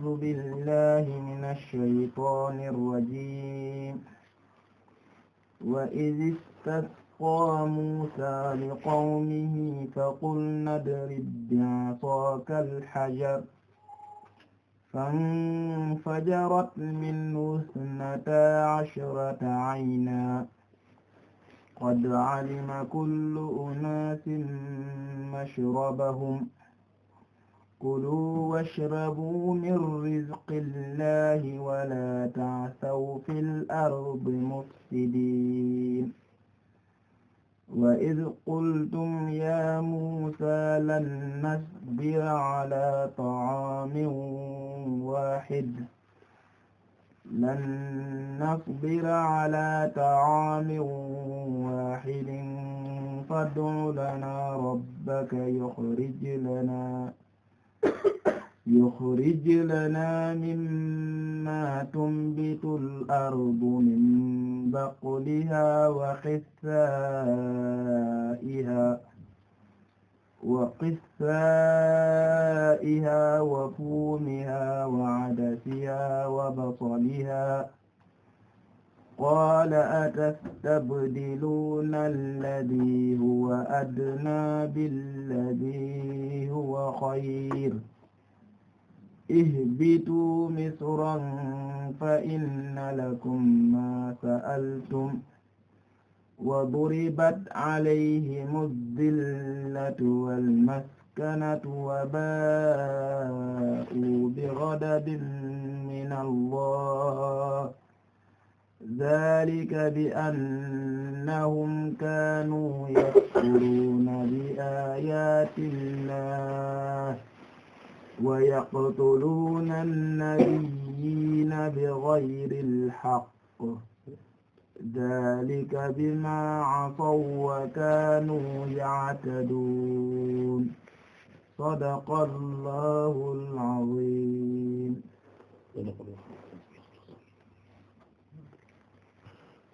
أعوذ بالله من الشيطان الرجيم وإذ استسقى موسى لقومه فقلنا اضرب بعصاك الحجر فانفجرت منه اثنتا عشرة عينا قد علم كل أناس مشربهم كلوا واشربوا من رزق الله ولا تعثوا في الأرض مفسدين وإذ قلتم يا موسى لن نصبر على طعام واحد لن نصبر على طعام واحد فادع لنا ربك يخرج لنا يخرج لنا مما تنبت الأرض من بقلها وقثائها وقثائها وفومها وعدسها وبصلها قال أتستبدلون الذي هو أدنى بالذي هو خير اهبطوا مصرا فإن لكم ما سألتم وضربت عليهم الذلة والمسكنة وباءوا بغضب من الله ذلك بأنهم كانوا يكفرون بآيات الله ويقتلون النبيين بغير الحق ذلك بما عصوا وكانوا يعتدون صدق الله العظيم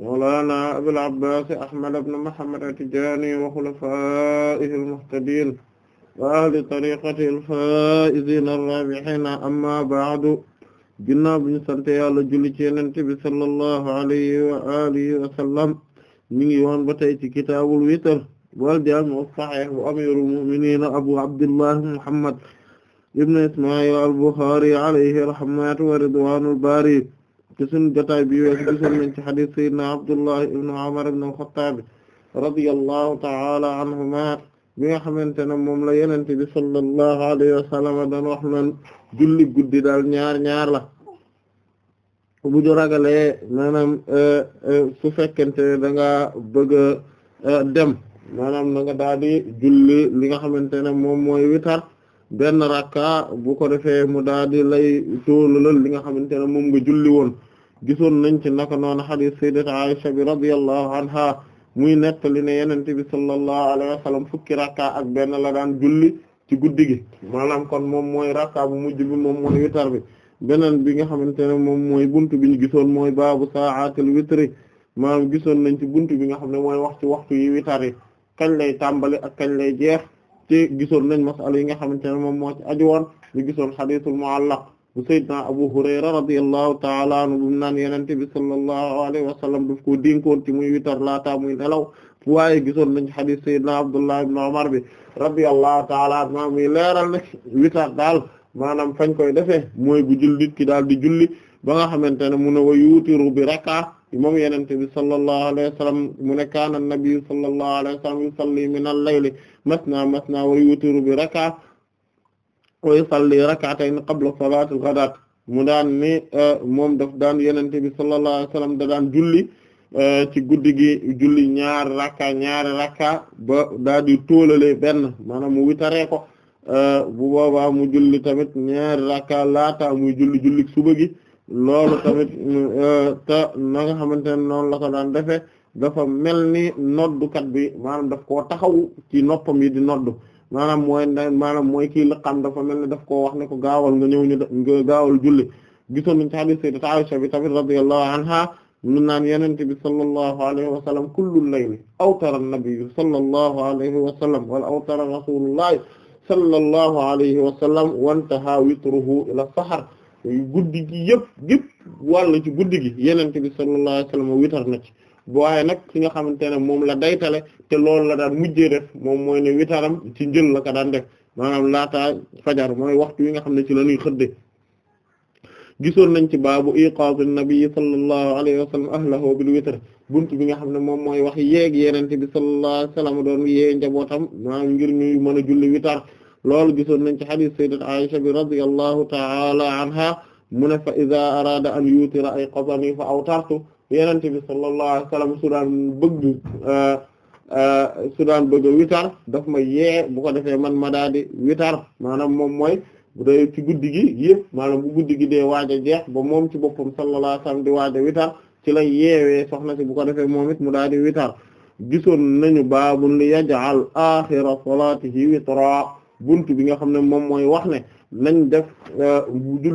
mawlana Abul Abbas Ahmad ibn Muhammad at-Tijani wa khulafaa'ihi al-muhtadin wa ahli tariqatihi al-faa'izin ar-raabihin amma ba'du ginnaaw bi ñu sant Yàlla julli ci Yonent bi sallallahu alayhi wa alihi wa sallam ñu ngi woon ba tey ci kitaabul witr wal jaami' as-sahih wa amirul mu'minin abu abdillah Muhammad ibn Isma'il al-Bukhari alayhi rahmatu wa ridwanul bari ci suñu jotaay bi weesu gisoon nañ ci xadis sayyidina Abdullah ibn Umar ibn al-Khattab ta'ala anhuma bi nga xamante ne moom la yonent bi sallallahu alayhi wa sallam daan wax naan julli guddi daal ñaar ñaar la bu ñu ragalee maanaam e, e, su fekkente da nga bëgg a e, dem maanaam na nga daal julli li nga xamante ne moom mooy witar benn rakka bu ko defee mu daal di lay tóolulal li nga xamante ne moom nga julli woon gisoon nañ ci naka noonu hadith sayyidat Aisha bi radiyallahu anha muy nettali ne yonent bi sallallahu alayhi wa fukki rakka ak benn la daan julli ci guddi gi maanaam kon moom mooy rakka bu mujj bi moom mooy witar bi beneen bi nga xamante ne moom mooy buntu bi ñu gisoon mooy baabu sa'atil witri maanaam gisoon nañ ci buntu bi nga xam ne mooy wax ci waxtu yi witar yi kañ lay tàmbali ak kañ lay jeex te gisoon nañ masala yi nga xamante ne moom moo ci aju woon ñu gisoon hadithul mu'allaq bu sayyidna Abu Hurayra radiyallahu ta'ala anhu bumu naan yenente bi sallallahu alayhi wa sallam daf koo dénkoon ci muy witar laataa muy nelaw waaye gisoon nañ xadis sayyidna Abdullah ibn Umar bi radiyallahu ta'ala anhu muy leeral ne witar daal maanaam fañ koy defee mooy bu jullit ki daal di julli ba nga xamante ne mu ne wa yuutiru bi raka moom yenente bi sallallahu alayhi wa sallam mu ne kaana an-nabi sallallahu alayhi wa sallam yusalli min al-layli masna masna yuutiru bi raka wa yusalli rak'atayn qabla salaatil ghadaat mu daan ni euh, moom daf daan yenente bi sallallahu alayhi wasallam da daan julli euh, ci guddi gi julli ñaari rakka ñaari rakka ba daal di tóolale benn maanaam mu witaree ko euh, bu boobaa mu julli tamit ñaari rakka laata muy julli julli suba gi loolu tamit te na nga xamante ne noonu la ko daan defee dafa mel ni noddukat bi maanaam daf ko taxaw ci noppam yi di noddu maanaam mooy maanaam mooy kii lëqam dafa mel ne daf koo wax ne ko gaawal nga ñëw ñu nga gaawal julli gisoon nañ ci hadith sayyidat Aisha bi tamit radiyallahu anha ñu naan yonent bi sallallahu alayhi wa sallam kullul layli awtara an-nabiyyu sallallahu alayhi wa sallam wala awtara rasulullahi sallallahu alayhi wa sallam wantaha witruhu ila sahar guddi gi yëpp yëpp wàll ci guddi gi yonent bi sallallahu alayhi wa sallam witar na ci waaye nag ki nga xamante ne moom la daytale te loolu la daan mujjee def moom mooy ne witaram ci njël la ka daan def maanaam laataa fajar mooy waxtu wi nga xam ne ci la ñuy xëdde gisoon nañ ci baabu iqaadu nabi sallallahu alayhi wa sallam ahlahu bil witr bunt bi nga xam ne moom mooy wax yeeg yenente bi sallallahu alayhi wa doon yee njabootam maanaam ngir ñuy mën a julli witar loolu gisoon nañ ci hadith sayyidat Aisha bi radiyallahu ta'ala anha mu ne fa idha arada an yutira ay yenente bi sallallahu alayhi wasallam su daan bëgg euh, euh, su daan bëgg witar daf ma yee bu ko defee man ma daal di witar maanaam moom mooy bu dee ci guddi gi yëpp maanaam bu guddi gi waaja jeex ba moom ci boppam sallallahu alayhi wasallam di waaja a witar ci la yeewee soxna si bu ko defee moom it mu daal di witar gisoon nañu baabul li yaj'al axira salaatihi witra bunt bi nga xam ne moom mooy wax ne nañ def euh,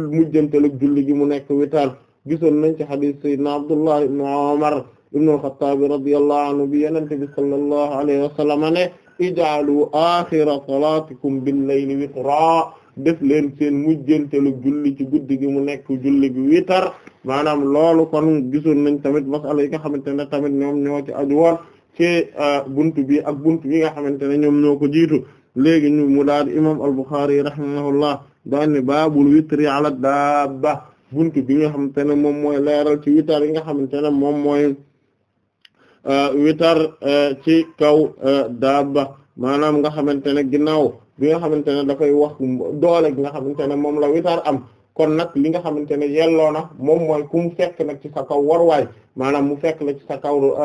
mujjantal ak julli gi mu nekk witar gisoon nañ ci xadis sayyidina Abdullah ibn Umar ibn al-Khattab radiyallahu anhu bi yenente bi sallallahu alayhi wa sallam ne ijaalu axira salaatikum billayli witra def leen seen mujjantelu julli ci guddi gi mu nekk julli bi witar maanaam loolu kon gisoon nañ tamit masala yi nga xamante ne tamit ñoom ñoo ci aju woon ci euh, buntu bi ak buntu bi nga xamante ne ñoom ñoo ko jiitu léegi ñu mu daal imam al-Bukhari rahimahullah daan ne baabul witri ala dabba buntu bi nga xamante ne moom mooy leeral ci witar yi nga xamante ne moom mooy euh, witar euh, ci kaw euh, daaba maanaam nga xamante ne ginnaaw bi nga xamante ne dafay wax doole gi nga xamante ne moom la witar am kon nag li nga xamante ne yelloo na moom mooy ku mu fekk nag ci sa kaw waruwaay maanaam mu fekk la ci sa kaw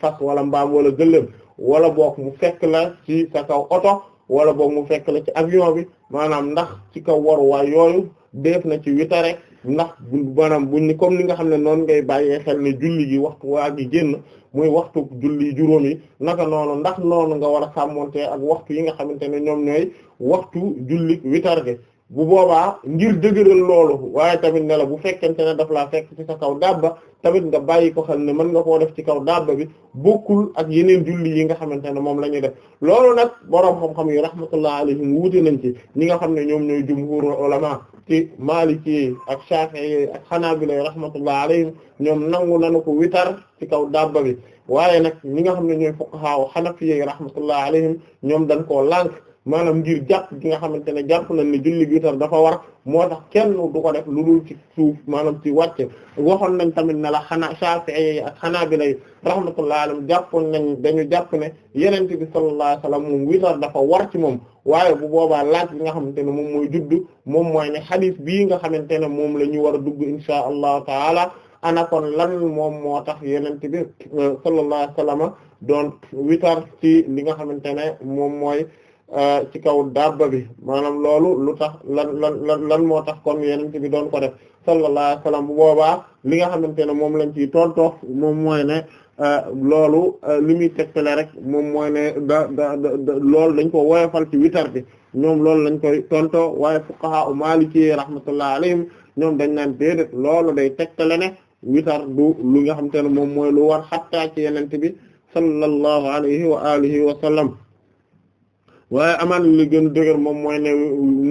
fas wala mbaam wala gëléem wala book mu fekk la ci sa kaw oto wala boog mu fekk la ci avion bi maanaam ndax ci kaw waruwaay yooyu def na ci witare ndax maanaam buñ ni comme ni nga xam ne noonu ngay bàyyee xel ne julli gi waxtu waa gi génn muy waxtu julli juróom yi naka noonu ndax noonu nga war a sàmmonte ak waxtu yi nga xamante ne ñoom ñooy waxtu julli witar gi bu boobaa ngir dëgëral loolu waaye tamit ne la bu fekkente ne daf laa fekk ci sa kaw dàbba tamit nga bàyyi ko xel ne mën nga koo def ci kaw dabba bi bokkul ak yeneen julli yi nga xamante ne moom la ñuy def loolu nag boroom xam-xam yi rahmatullah alayhim wuute nañ ci ñi nga xam ne ñoom ñooy jumhur ulama ci maliki ak shafi'i ak hanabila rahmatullah alayhim ñoom nangu nañu ko witar ci kaw dabba bi waaye nag ñi nga xam ne ñooy fuqaha hanafi rahmatullah alayhim ñoom dañ koo lànk maanaam ngir jàpp gi nga xamante ne jàpp nañ ne julli witar dafa war moo tax kenn du ko def lu dul ci suuf maanaam ci wàcce waxoon nañ tamit na la xanaa Shafi'i ak Hanabila rahmatullahi alayhim jàpp nañ dañu jàpp ne Yonent bi sallallahu alayhi wasallam moom witar war ci moom waaye bu boobaa laaj bi nga xamante ne moom mooy juddu moom mooy ne xadiis bii nga xamante ne moom la ñu war a dugg insha allahu taala ana kon lan moom moo tax Yonent bi euh, sallallahu alayhi wasallam doon witar ci li nga xamante ne moom mooy. Eh, ci kaw dabba bi maanaam loolu lu tax lan lan lan lan moo tax kon yenente bi doon ko def sallallahu alayhi wa sallam bu boobaa li nga xamante ne moom lañ ciy tontoo moom mooy ne eh, loolu eh, li muy tegtale rek moom mooy ne da da loolu dañ ko woyofal ci witar bi ñoom loolu lañ koy tontoo waaye fuqaha u maliki rahmatullah alayhim ñoom dañ naan déedéet loolu day tegtale ne witar du lu nga xamante ne moom mooy lu war xattaa ci yenente bi sallallahu alayhi wa alihi wa sallam waaye amaan li gën dëgër moom mooy ne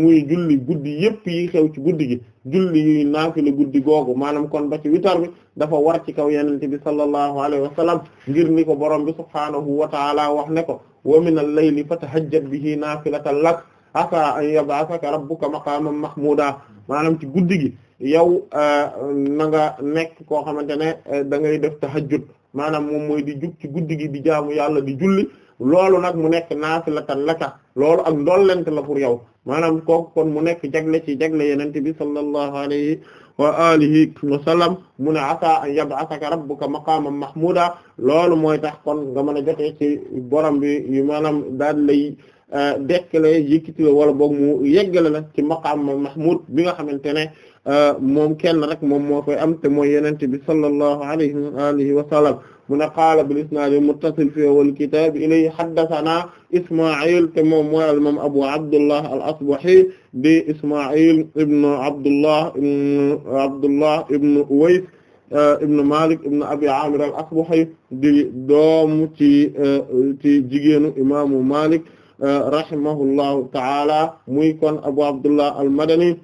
muy julli guddi yépp yi xew ci guddi gi julli yi naafila guddi googu maanaam kon ba ci witar bi dafa war ci kaw yenente bi sallallahu alayhi wa ngir ni ko borom bi subhaanahu wa taala wax ne ko wa min al-layli fatahajjat bihi naafilatan lak asa an yab'athaka rabbuka maqaman mahmuda maanaam ci guddi gi yow eh, na nga nekk koo xamante ne eh, da ngay def tahajjud maanaam moom mooy di jug ci guddi gi di jaamu yàlla di julli loolu nag mu nekk naafilatan laka loolu ak ndollent la pour yow maanaam kooku kon mu nekk jagle ci jagle yenente bi sallallahu alayhi wa alihi wa sallam mu ne asa an yab'athaka rabbuka maqaman mahmuda loolu mooy tax kon nga mën a jotee ci borom bi yu maanaam daal lay euh, dekkale yëkkati la wala boog mu yeggale la ci maqaam mahmud bi nga xamante ne euh, moom kenn rek moom moo koy am te mooy yenente bi sallallahu alayhi wa alihi wa sallam mu ne qaala bil isnaad muttasil fi awwal kitaab ilay haddasanaa Isma'il te moom mooy al imaam Abu Abdullah al Asbahi di Isma'il ibn Abdullah ibn Abdullah ibn Uways eh, ibn Malik ibn Abi Amir al Asbahi di doomu ci eh, ci jigéenu imaamu Malik eh, rahimahullahu ta'ala muy kon Abu Abdullah al Madani.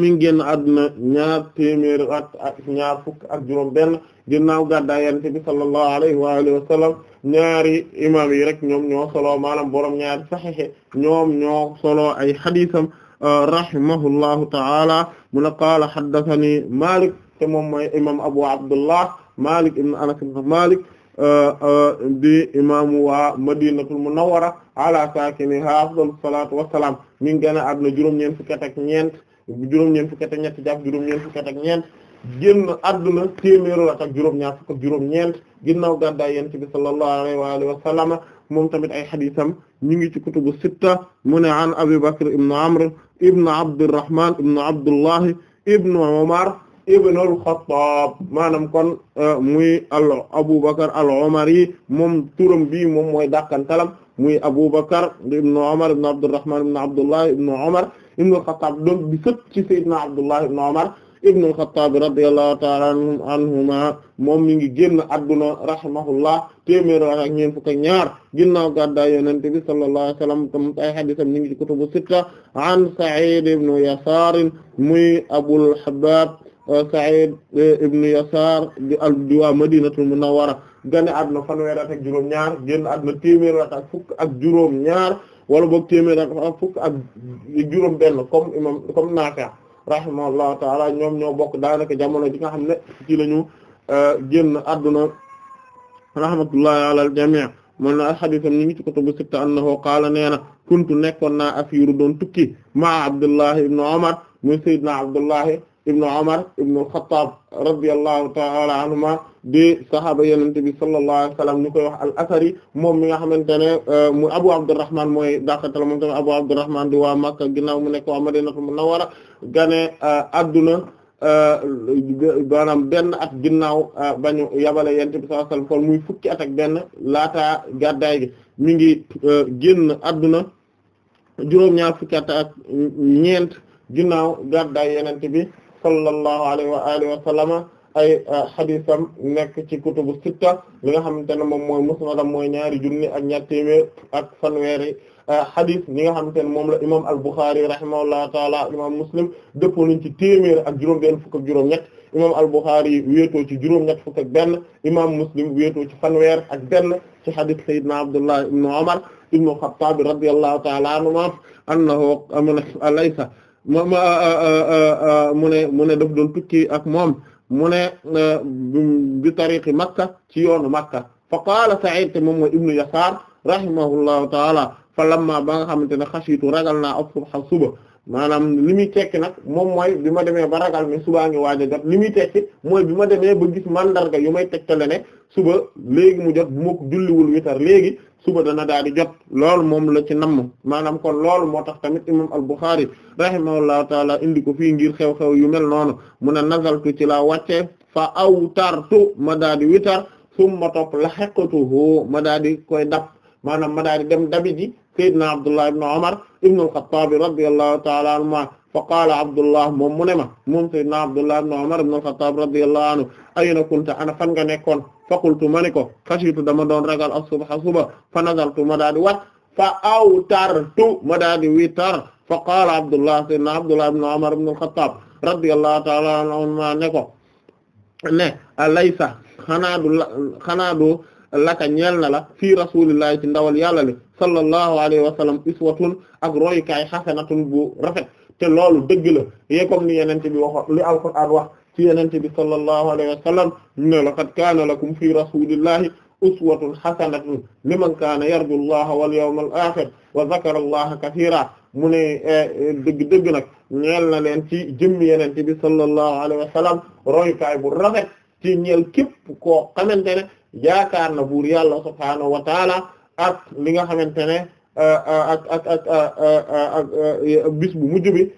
mi ngi génn àdduna ñaar at ak ñaar fukk ak juróom benn ginnaaw gàddaay yonent bi sallallahu alayhi wa alihi wa sallam ñaari imam yi rek ñoom ñoo solo maanaam borom ñaari saxiix ñoom ñoo solo ay xadiisam rahimahullahu ta'ala mu ne qaala haddathani Malik te moom mooy imam Abu Abdullah Malik ibn Anas ibn Malik uh, uh, di imaamu waa Madinatul Munawwara ala saakinihaa afdalu salaatu wa salaam mi ngi génn àdduna juróom-ñeent fukk ak ñeent. juróom-ñeent fukk ak ñett jàpp juróom-ñeent fukk ak ñeent génn adduna téeméeru at ak juróom-ñaar fukk ak juróom-ñeent ginnaaw gàddaay yonent bi sallallahu alayhi wa sallam moom tamit ay xadiisam ñu ngi ci kutubu sitta mu ne an Abi Bakr ibn Amr ibn Abdurrahman ibn Abdullahi ibn Umar ibn al-Khattab maanaam kon euh, muy al Abu Bakr al-Umari moom turam bii moom mooy dàqan talam muy Abu Bakr ibn Umar ibn Abdurrahman ibn Abdullahi ibn Umar ibn al-Khattab doom bi sët ci Seydina Abdullah ibn Umar ibn al-Khattab radiyallahu ta'ala anhuma moom mi ngi génn adduna rahimahullah téeméer ak ñeent fukk ak ñaar ginnaaw gàddaay Yonent bi sallallahu alayhi wa sallam tam ay hadiisam ñu ngi ci kutubu sitta an Sa'id ibn Yasar muy Abul Habbab euh, Sa'id euh, ibn Yasar di waa Madinatul Munawwara gane adduna fanweer ak juróom-ñaar génn adduna téeméer ak fukk ak juróom-ñaar. wala boog téeméer ak fukk ak juróom benn comme imam comme Naafi' taala ñoom ñoo bokk daanaka jamono ji nga xam ne ci la ñu euh, génn adduna rahmatullahi ala al jami' mun na xadisam ñu ngi ci kutubu sitta annahu qaala nee na kuntu nekkoon naa afiiru doon tukki ma Abdullahi ibn Umar muy Seydina Abdullahi ibnu Umar ibnu Xattaab radiyallahu ta'ala anhuma di saxaaba yonent bi sallallahu alayhi wa koy wax al asari moom mi nga xamante ne euh, mu Abu Abdurrahman mooy dàqatal moom tamit Abu Abdurrahman di waa Makka ginnaaw mu nekk waa Madinatul Munawwara gane adduna euh, euh, maanaam benn at ginnaaw bañu yabale yonent bi sallallahu alayhi kon muy fukki at ak benn laataa gàddaay gi mu ngi génn adduna juróom-ñaar fukki at ñeent ginnaaw gàddaay yonent bi. sallallahu alayhi wa alihi wa sallama ay ah, xadisam nekk ci kutubu sitta li nga xamante ne moom mooy musnadam mooy ñaari junni ak ñaar téeméer ak fanweeri ah, xadis ñi nga xamante ne moom la imam al-Bukhari rahimahullahu taala imam Muslim dëppoo nañ ci téeméer ak juróom benn fukk ak juróom ñett imam al-Bukhari wéetoo ci juróom ñett fukk ak benn imam Muslim wéetoo ci fanweer ak benn ci xadis sayyidina Abdullah ibn Umar ibn Khattab radiyallahu taala anhuma annahu laysa moom mu ne mu ne daf doon tukki ak moom mu ne euh, bi tariqi Makka ci yoonu Makka fa qaala Sa'id te moom mooy ibnu Yasaar rahimahullahu taala fa lamma ba nga xamante ne xasiitu ragal naa ak suba maanaam li muy tekki nag moom mooy bi ma demee ba ragal ne subaa ngi waaj a jot li muy tekki mooy bi ma demee ba gis mandarga yu may tegtale ne suba léegi mu jot bu ma ko julliwul léegi suba dana daal di jot loolu moom la ci namm maanaam kon loolu moo tax tamit imam al-Bukhari rahimahullahu taala indi ko fii ngir xew-xew yu mel noonu mu ne nazaltu ci laa wàcce fa awtartu ma daal di witar summa topp lahiqtuhu ma daal di koy dab maanaam ma daal di dem dabi ji sayyidina Abdullah ibn Umar ibn al-Khattab radiyallahu taala anhuma fa qaala Abdullah moom mu ne ma moom sayyidina Abdullah ibn Umar ibn al-Khattab radiyallahu anhu ayna kunta ana fan nga nekkoon faqultu ma ni ko xasiitu dama doon ragal as-subha suba fa nazartu ma daa di wat fa awtartu ma daa di witar fa qaala abdullah sayyidina abdullah ibn umar ibn al-khattab radiyallahu ta'ala anhuma ne ko ne alaysa xanaa du la xanaa du laka ñeel na la fii rasulillahi ci ndawal yàlla li sallallahu alayhi wa sallam iswatun ak roykaay xasanatun bu rafet te loolu dëgg la yee comme ni yenente bi waxo li alquran wax ci yenente bi sallallahu alayhi wa sallam ne laqad kaana lakum fi rasulillahi uswatun hasanatun liman kaana yarju allaha wal yawmal akhir wa zakara allaha kathira mu ne dëgg-dëgg eh, nag ñeel na leen ci jëmmi yenente bi sallallahu alayhi wa sallam roykaay bu rafet ci ñeel képp koo xamante ne yaakaar na buur yàlla subhaanahu wa li nga xamante ne eh, eh, ak bu mujj bi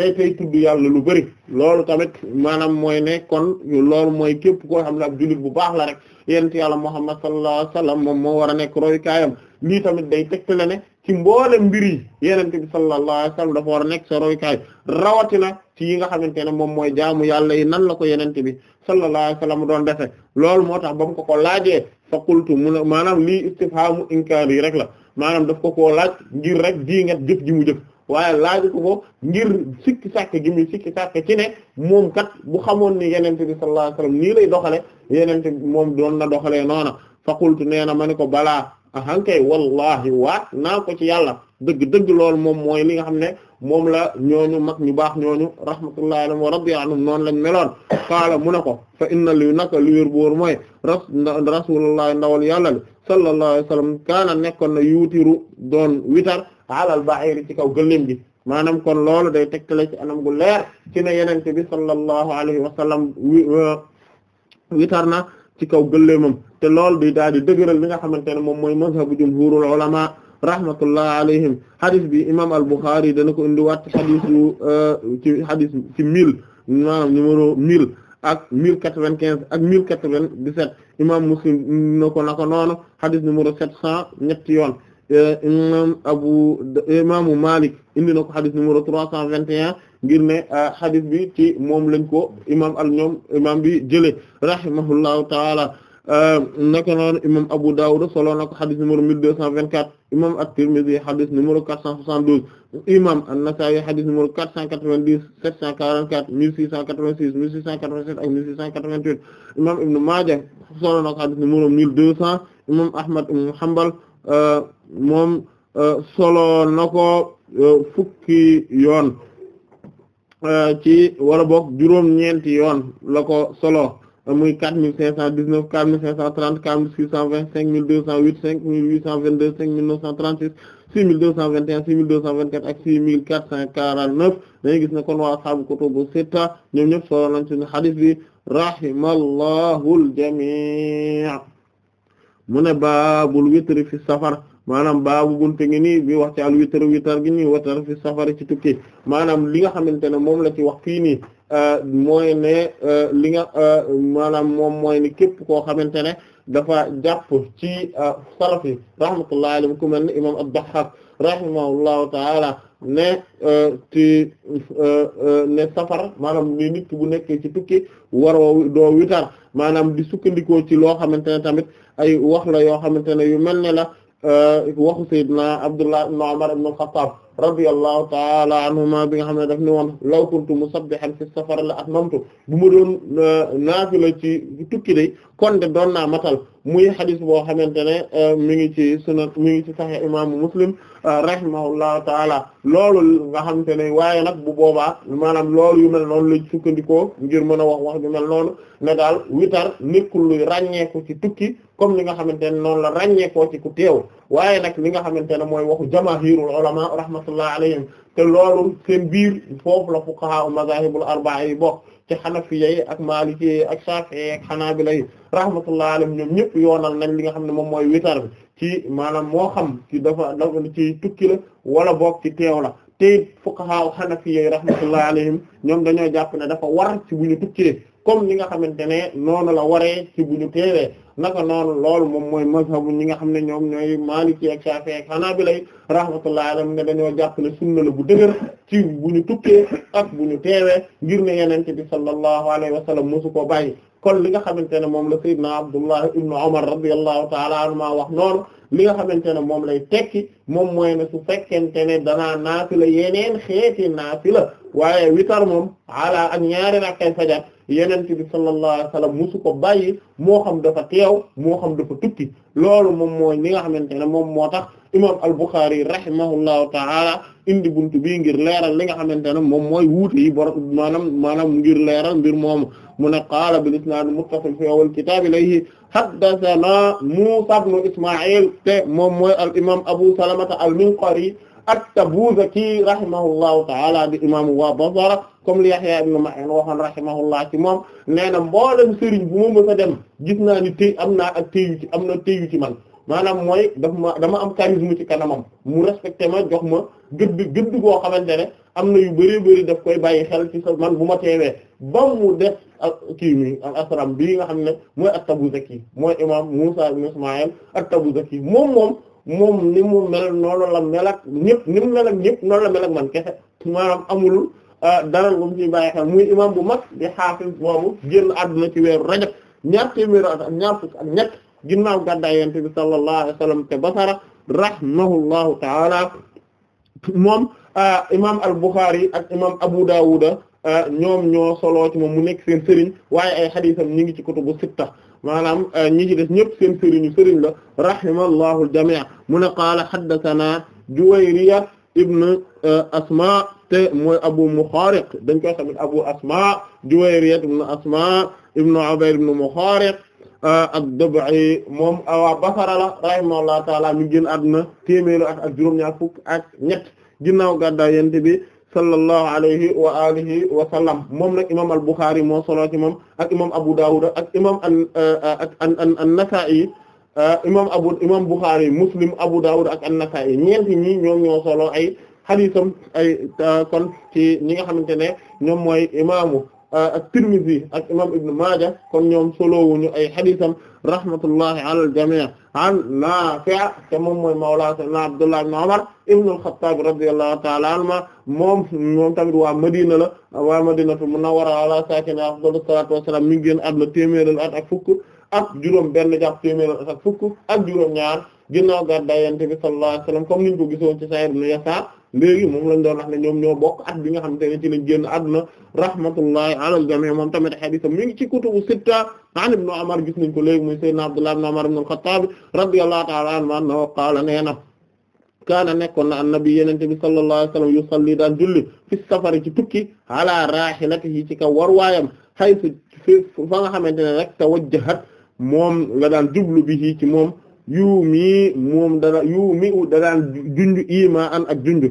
tey tey yàlla lu bëri loolu tamit maanaam mooy ne kon loolu mooy képp koo xam ne ab jullit bu baax la rek yent yàlla Muhammad sallallahu alayhi wasallam moom moo war a nekk royu kaayam lii tamit day tegtale ne ci mboolem mbir yi yenente bi sallallahu alayhi wasallam dafa war a nekk sa royu kaay rawatina ci yi nga xamante ne moom mooy jaamu yàlla yi nan la ko yenente bi sallallahu alayhi wasallam doon defe loolu moo tax ba ko ko laajee sa qultu mu ne maanaam lii istifhamu inkaar yi rek la maanaam daf ko koo laaj ngir rek di nga jëf ji mu jëf waaye laaju ko ngir sikki sàkk gi muy sikki sàkk ci ne moom kat bu xamoon ni yenente bi sallallahu alayhi wasallam lay doxale yenente moom doon na doxalee noona faqultu nee na ma ni ko balaa ahankay wallahi waat naa ko ci yàlla dëgg-dëgg loolu moom mooy li nga xam ne moom la ñooñu mag ñu baax ñooñu rahmatullahi alayhim wa radiya anhum noon lañ meloon qaala mu ne ko fa inna li naka liwér bóor mooy ras rasulullah ndawal yàlla li sallallahu alayhi wasallam kaana nekkoon na yuutiru doon witar alal ba'iri ci kaw gëléem gi maanaam kon loolu day tegtale ci anam gu leer ci ne yenente bi sallallahu alayhi wa sallam witar na ci kaw gëléemam te loolu di daal di dëgëral li nga xamante ne moom mooy mazhabu jumhurul ulama rahmatullah alayhim hadith bi imam al-Bukhari dana ko indiwaat ci hadith yu euh, ci hadith numéro mille ak mille quatre-vingt-quinze ak mille quatre-vingt-dix-sept imam Muslim na ko noonu hadith numéro sept cent ñetti yoon imam abu imaamu Malik indi na ko xadis numéro trois cent vingt un ngir ne ah, xadis bi ci moom lañ ko imam al ñoom imam bi jëlee rahimahullahu taala ah, naka noonu imam Abu Dawud solo na ko xadis numéro mille deux cent vingt quatre imam at-Tirmidhi xadis numéro quatre cent soixante douze imam an-Nasa'i xadis numéro quatre cent quatre vingt dix sept cent quarante quatre mille six cent quatre vingt six mille six cent quatre vingt sept imam Ibn Maaja solo na ko xadis numéro mille deux cent imam Ahmad ibn Hanbal Euh, moom euh, solo na ko euh, fukki yoon ci wala boog juróom-ñeenti yoon la ko solo muy 4519 4530 4620 5208 5822 5936 6221 6224 ak 6449 dañuy gis ne kon waa ko kutubu sitta ñoom ñëpp solo nañ suñu hadith bi rahimallahu al-jami' mu ne baabul witri fi safar maanaam baabu buntu ngi nii bi wax ci al witri witar gi nii watar fi safar ci tukki maanaam li nga xamante ne moom la ci wax fii nii euh, mooy ne euh, li nga euh, maanaam moom mooy ni képp koo xamante ne dafa jàpp ci salaf yi rahmatullahi alayhi ku mel ne imam ad-Dahhak rahimahullahu taala ne ci ne safar maanaam ni nit ki bu nekkee ci tukki waroo doo witar maanaam di sukkandikoo ci loo xamante ne tamit ay wax la yoo xamante ne yu mel ne la euh, waxu sayyidina Abdullah ibn Umar ibn al-Khattab radiyallahu ta'ala anhuma bi nga xam ne daf ni woon law kuntu musabbihan fi safar la atmamtu bu ma doon euh, naafila ci tukki day kon de doon naa matal muy xadis boo xamante ne euh, mi ngi ci sunan mi ngi ci Sahih imaamu Muslim Euh, rahimahullahu taala loolu nga xamante ne waaye nag bu boobaa maanaam loolu yu mel noonu sukkandikoo ngir mën a wax wax yu mel noonu ne daal witar nekkul luy ci tukki comme li nga xamante ne noonu la ràññeekoo ci ku teew waaye nag li nga xamante ne mooy waxu jamaahirul ulama rahmatullah alayhim te loolu seen biir foofu la u mazahibul arba'a yi bokk ci xanafiya yi ak maaliki yi ak saafi'i yi ak xanaabila yi rahmatullahi alayhim ñoom ñëpp yoonal nañ li nga xam ne moom mooy witar ci maanaam moo xam ci dafa ci tukki la wala boog ci teew la te fuqaha xanafiya yi rahmatullahi alayhim ñoom dañoo jàpp ne dafa war ci bu ñu tukkee comme ni nga xamante ne noonu la waree ci bu ñu teewee naka noonu loolu moom mooy mazhabu ñi nga xam ne ñoom ñooy Maliki ak Shafi'i ak Hanabila rahmatullahi alayhim ne dañoo jàpp ne sunna la bu dëgër ci bu ñu tukkee ak bu ñu teewee ngir ne Yonent bi sallallahu alayhi wa sallam mosu koo bàyyi kon li nga xamante ne moom la sayyidna Abdullah ibn Umar radiyallahu ta'ala maa wax noon li nga xamante ne moom lay tekki moom mooy ne su fekkente ne danaa naafila yeneen xeeti naafila waaye witar moom ala ak ñaari rakkay fajar yeneen bi sallallahu alayhi wasallam musu ko bàyyi moo xam dafa teew moo xam dafa tukki loolu moom mooy li nga xamante ne moom moo tax imam al-Bukhari rahimahullahu ta'ala indi buntu bii ngir leeral li nga xamante ne moom mooy wuute yi maanaam maanaam ngir leeral mbir moomu mu ne qaala bil isnaad muttasil fi awwal kitaab ilayhi haddathana Muusaa ibn Ismaa'iil te moom mooy al imaam Abu Salamata al Minqari at-Tabuzaki rahimahullahu ta'ala di imaamu waa Basra comme li Yahya ibn Ma'in waxoon rahimahullah ci moom nee na mboolem sëriñ bu ma mës a dem gis naa ni tey am naa ak téyu am na téyu ci man maanaam mooy daf ma dama am charisme ci kanamam mu respecté ma jox ma gëdd gëdd goo xamante ne am na yu bari bari daf koy bàyyi xel ci sa man bu ma teewee ba mu def kii mi al asram bii nga xam ne mooy at-Tabuzaki mooy imam Musa ibn Ismaïl at-Tabuzaki moom moom moom ni mu mel noonu la mel ak ñëpp ni mu mel ak ñëpp noonu la mel ak man kese maanaam amul ah, dara lu mu ci bàyyi xel muy imam bu mag di xaafis boobu génn àdduna ci weeru rajab ñaar téeméer ak ñaar fukk ak ñett ginnaaw gàddaay yonent bi sallallahu alayhi wa sallam te Basra rahimahullahu ta'ala moom ah, imam al-Bukhari ak imam Abu Dawud Euh, ñoom ñoo soloo ci moom mu nekk seen sëriñ waaye ay xadiisam ñi ngi ci kutubu sitta maanaam euh, ñi ci des ñëpp seen sëriñu sëriñ la rahimallahu al-jamii' mu ne qaala haddathana Juwayriya ibn euh, Asma te mooy Abu Mukhariq dañ koy xamit Abu Asma Juwayriya ibn Asma ibn Ubayr ibn Mukhariq ad-Dubai moom waa Basra la rahimahullahu ta'ala mi génn àdduna téeméer ak juróom-ñaar fukk ak ñett ginnaaw gàddaay Yonent bi sallallahu alayhi wa alihi wa sallam moom nag imam al Bukhari moo solo ci moom ak imam Abu Dawud ak imam uh, ak an-Nasa'i uh, imam Abu imam Bukhari Muslim Abu Dawud ak an-Nasa'i ñeenti ñi ñoom ñoo solo ay xadiisam ay uh, kon ci ñi nga xamante ne ñoom mooy imaamu Euh, ak Tirmidhi ak imam Ibn Maaja kon ñoom solowuñu ay xadisam rahmatullahi ala al-jamii an Naafi' te moom mooy mawla sayyidina Abdullah ibn Umar ibn al-Khattab ta'ala anhuma moom moom tamit waa Madina la waa Madinatu Munawwara ala saakinihaa afdalu salaatu wa salaam mi ngi génn àdduna téeméer at ak fukk ak juróom benn jàpp téeméer ak fukk ak juróom ñaar ginnaaw gàddaay yonent bi sallallahu alayhi wasallam ko gisoon ci Sa'id ibn moom lañ doon wax ne ñoom ñoo bokk at bi nga xam ne ci lañ génn àdduna rahmatullahi ala al-jami' moom tamit haditham mi ngi ci kutubu sitta an ibn Umar gis nañ ko léegi muy sayyidina Abdullah ibn Umar ibn al-Khattab radiyallahu ta'ala anhu qaala nee na kaana nekkoon na annabi yenente bi sallallahu alayhi wasallam yusalli daan julli fi safari ci tukki ala rahilatihi ci kaw war waayam haythu fa nga xamante ne rek tawajjahat moom la daan jublu bi ci moom yuu mii moom dana yuu mi u danaan junj an ak junj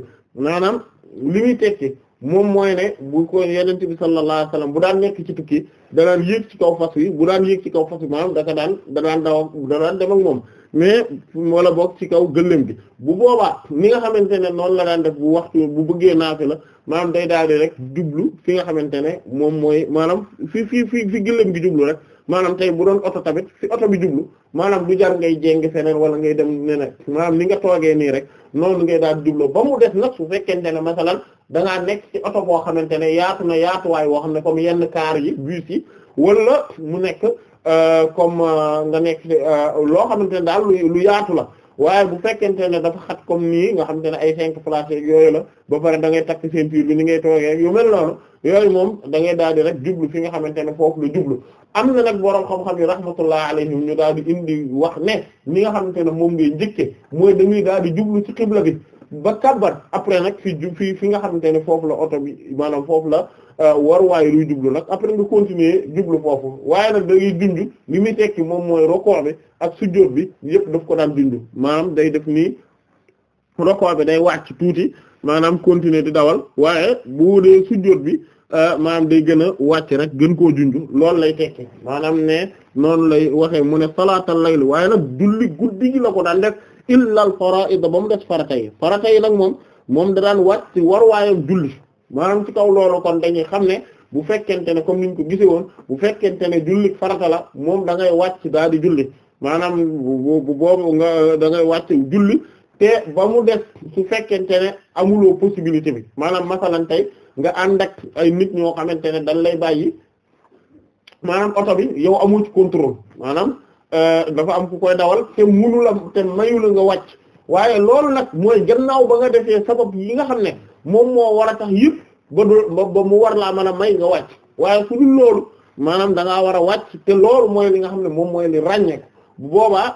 maanaam li muy tekki moom mooy ne bu ko yenente bi sallallahu alayhi wasallam bu daan nekk ci tukki danaan yéeg ci kaw fas wi bu daan yéeg ci kaw fas wi maanaam daka daan danaan daw ak dem ak moom mais wala boog ci kaw gëléem gi bu boobaa ni nga xamante ne noonu la daan def bu waxtu bu bëggee naafi la maanaam day daal rek jublu fi nga xamante ne moom mooy maanaam fi fi fi fi gëléem gi jublu rek maanaam tey bu doon oto tamit fi oto bi jublu maanaam bu jar ngay jéng feneen wala ngay dem neneen maanaam ni nga toogee nii rek noon ngay daal jublu ba mu des na su fekkente ne masalan da ngaa nekk si oto boo xamante ne yaatu na yaatuwaay woo xam ne comme yenn kaar yi bus yi wala mu nekk kom euh, euh, nga nekk euh, loo xamante ne daal lu yaatu la waaye bu fekkente ne dafa xat comme nii nga xam te ne ay cinq places yooyu la ba pare da ngay takk ceinture bi ni ngay toogee yu mel noonu yooyu moom da ngay daal di rek jublu fi nga xamante ne foofu la jublu am na nag boroom xam-xam yi rahmatullah alayhim ñu daal di indi wax ne ni nga xamante ne moom ngay njëkke mooy dañuy daal di jublu ci xibla bi ba kabbat après nag fi ju fi fi nga xamante ne foofu la oto bi maanaam foofu la Euh, waruwaay luy jublu nag après nga continuer jublu foofu waaye nag da ngay junj li muy tekki moom mooy rokoo bi ak sujjóot bi yëpp daf ko daan junj maanaam day def nii rokoo bi day wàcc tuuti maanaam continuer di dawal waaye bu dee sujjóot bi euh, maanaam day gën a wàcc rek gën koo junj loolu lay tekki maanaam ne noonu lay waxee mu ne salaatal layl waaye nag julli guddi gi la ko daan def illal faraa'id ba mu des farata yi farata yi nag moom moom da daan wàcc waruwaayam julli. maanaam ci kaw loolu kon dañuy xam ne bu fekkente ne comme niñ ko gisee woon bu fekkente ne julli farata moom da ngay wàcc daal di julli maanaam bu bu boobu nga da ngay wàcc julli te ba mu des su fekkente ne amuloo possibilité bi maanaam masalan tey nga ànd ak ay nit ñoo xamante ne dañ lay bàyyi maanaam oto bi yow amoo ci contrôle maanaam euh, dafa am ku koy dawal te munu la te mayu la nga wàcc. waaye loolu nag mooy gannaaw ba nga defee sabab yi nga xam ne moom moo war a tax yëpp ba du ba mu war laa mën a may nga wàcc waaye su dul loolu maanaam da war a wàcc te loolu mooy li nga xam ne moom mooy li ràññeek bu boobaa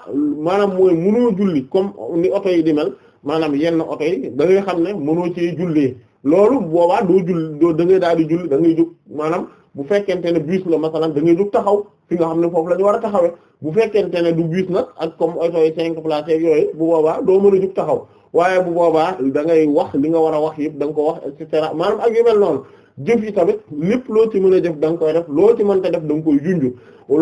maanaam mooy mënoo julli comme ni oto yi di mel maanaam yenn oto yi da ngay xam ne mënoo cee jullee loolu bu boobaa doo julli doo da ngay daal di julli da ngay jóg maanaam bu fekkente ne bus la masalan da ngay jóg taxaw fi nga xam ne foofu la ñu war a taxawee bu fekkente ne du bus nag ak comme oto yi cinq places yooyu bu boobaa doo mën a jug taxaw waaye bu boobaa dangay wax li nga war a wax yëpp da nga ko wax et cetera maanaam ak yu mel noonu jëf yi tamit lépp loo ci mën a jëf da nga koy def loo ci mënta def da nga koy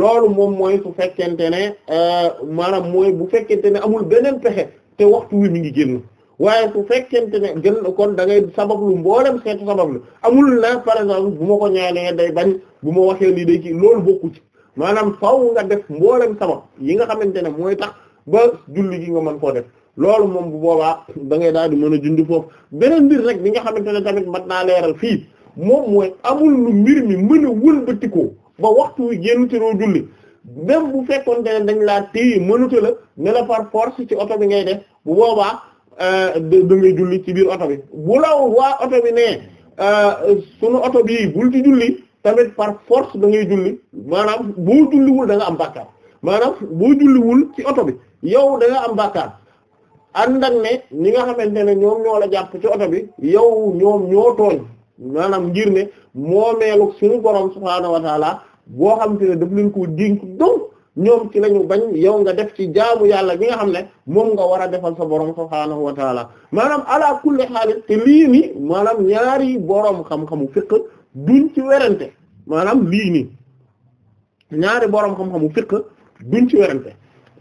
loolu moom mooy su fekkente ne euh, maanaam mooy bu fekkente ne amul beneen pexe te waxtu wi mi ngi génn. waaye su fekkente ne gën kon da ngay sabablu mboolem xeet xeetu sabablu amul na par exemple bu ma ko ñaanee day bañ bu ma waxee lii day kii loolu bokku ci maanaam faw nga def mboolem sabab yi nga xamante ne mooy tax ba julli gi nga mën koo def loolu moom bu boobaa da ngay daal di mën a jund foofu beneen mbir rek bi nga xamante ne tamit mat naa leeral fii moom mooy amul lu mbir mi mën a wëlbatikoo ba waxtu wi génn ci roo julli même bu fekkoon ne dañ laa téye mënuta la ne la par force ci oto bi ngay def bu boobaa euh, da ngay julli ci biir oto bi bu law waa oto bi ne euh, sunu oto bii bul ci julli tamit par force da ngay julli maanaam boo julliwul da am bàkkaar maanaam boo julliwul ci oto bi yow da am bàkkaar ànd ak ne ñi nga xamante ne ñoom ñoo la jàpp ci oto bi yow ñoom ñoo tooñ maanaam ngir ne moomeelu suñu borom subhaanahu wa taala boo xam te ne daf leen koo dénk donc ñoom ci lañu bañ yow nga def ci jaamu yàlla bi nga xam ne moom nga war a defal fa borom subhaanahu wa taala maanaam ala kulli xaalis te lii nii maanaam ñaari borom xam-xamu fiqh duñ ci werante maanaam lii nii ñaari boroom xam-xamu fiqh duñ ci werante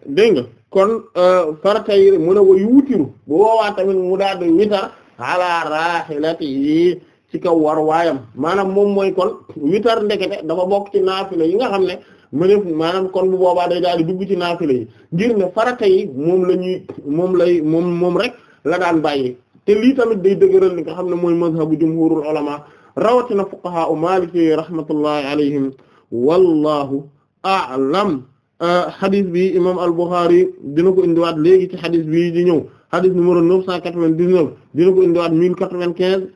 dégg nga kon euh, farata yi mu ne wayu wutiru bu woowaa tamit mu daal di witar ala raxilati yi ci kaw war waayam maanaam moom mooy kon witar ndekete dafa bokk ci naafila yi nga xam ne mënef kon bu boobaa day daal di ci naafila yi ngir ne farata yi moom la ñuy moom lay moom moom rek la daan bàyyi te lii tamit day dëgëral li nga xam ne mooy mazhabu jumhurul ulama rawatina fuqaha u maliki rahmatullahi alayhim wallahu a'lam ah, xadis bi imam al-Bukhari dina ko indiwaat léegi ci xadis bi di ñëw xadis numéro 999 dina ko indiwaat 1095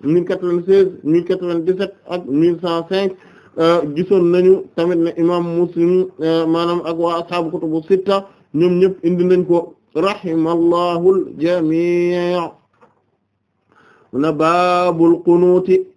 1096 1097 ak 1105 ah, gisoon nañu tamit ne imam Muslim ah, maanaam ak waa ashaabu kutubu sitta ñoom ñëpp indi nañ ko rahimallahu al-jamii' na baabul qunuuti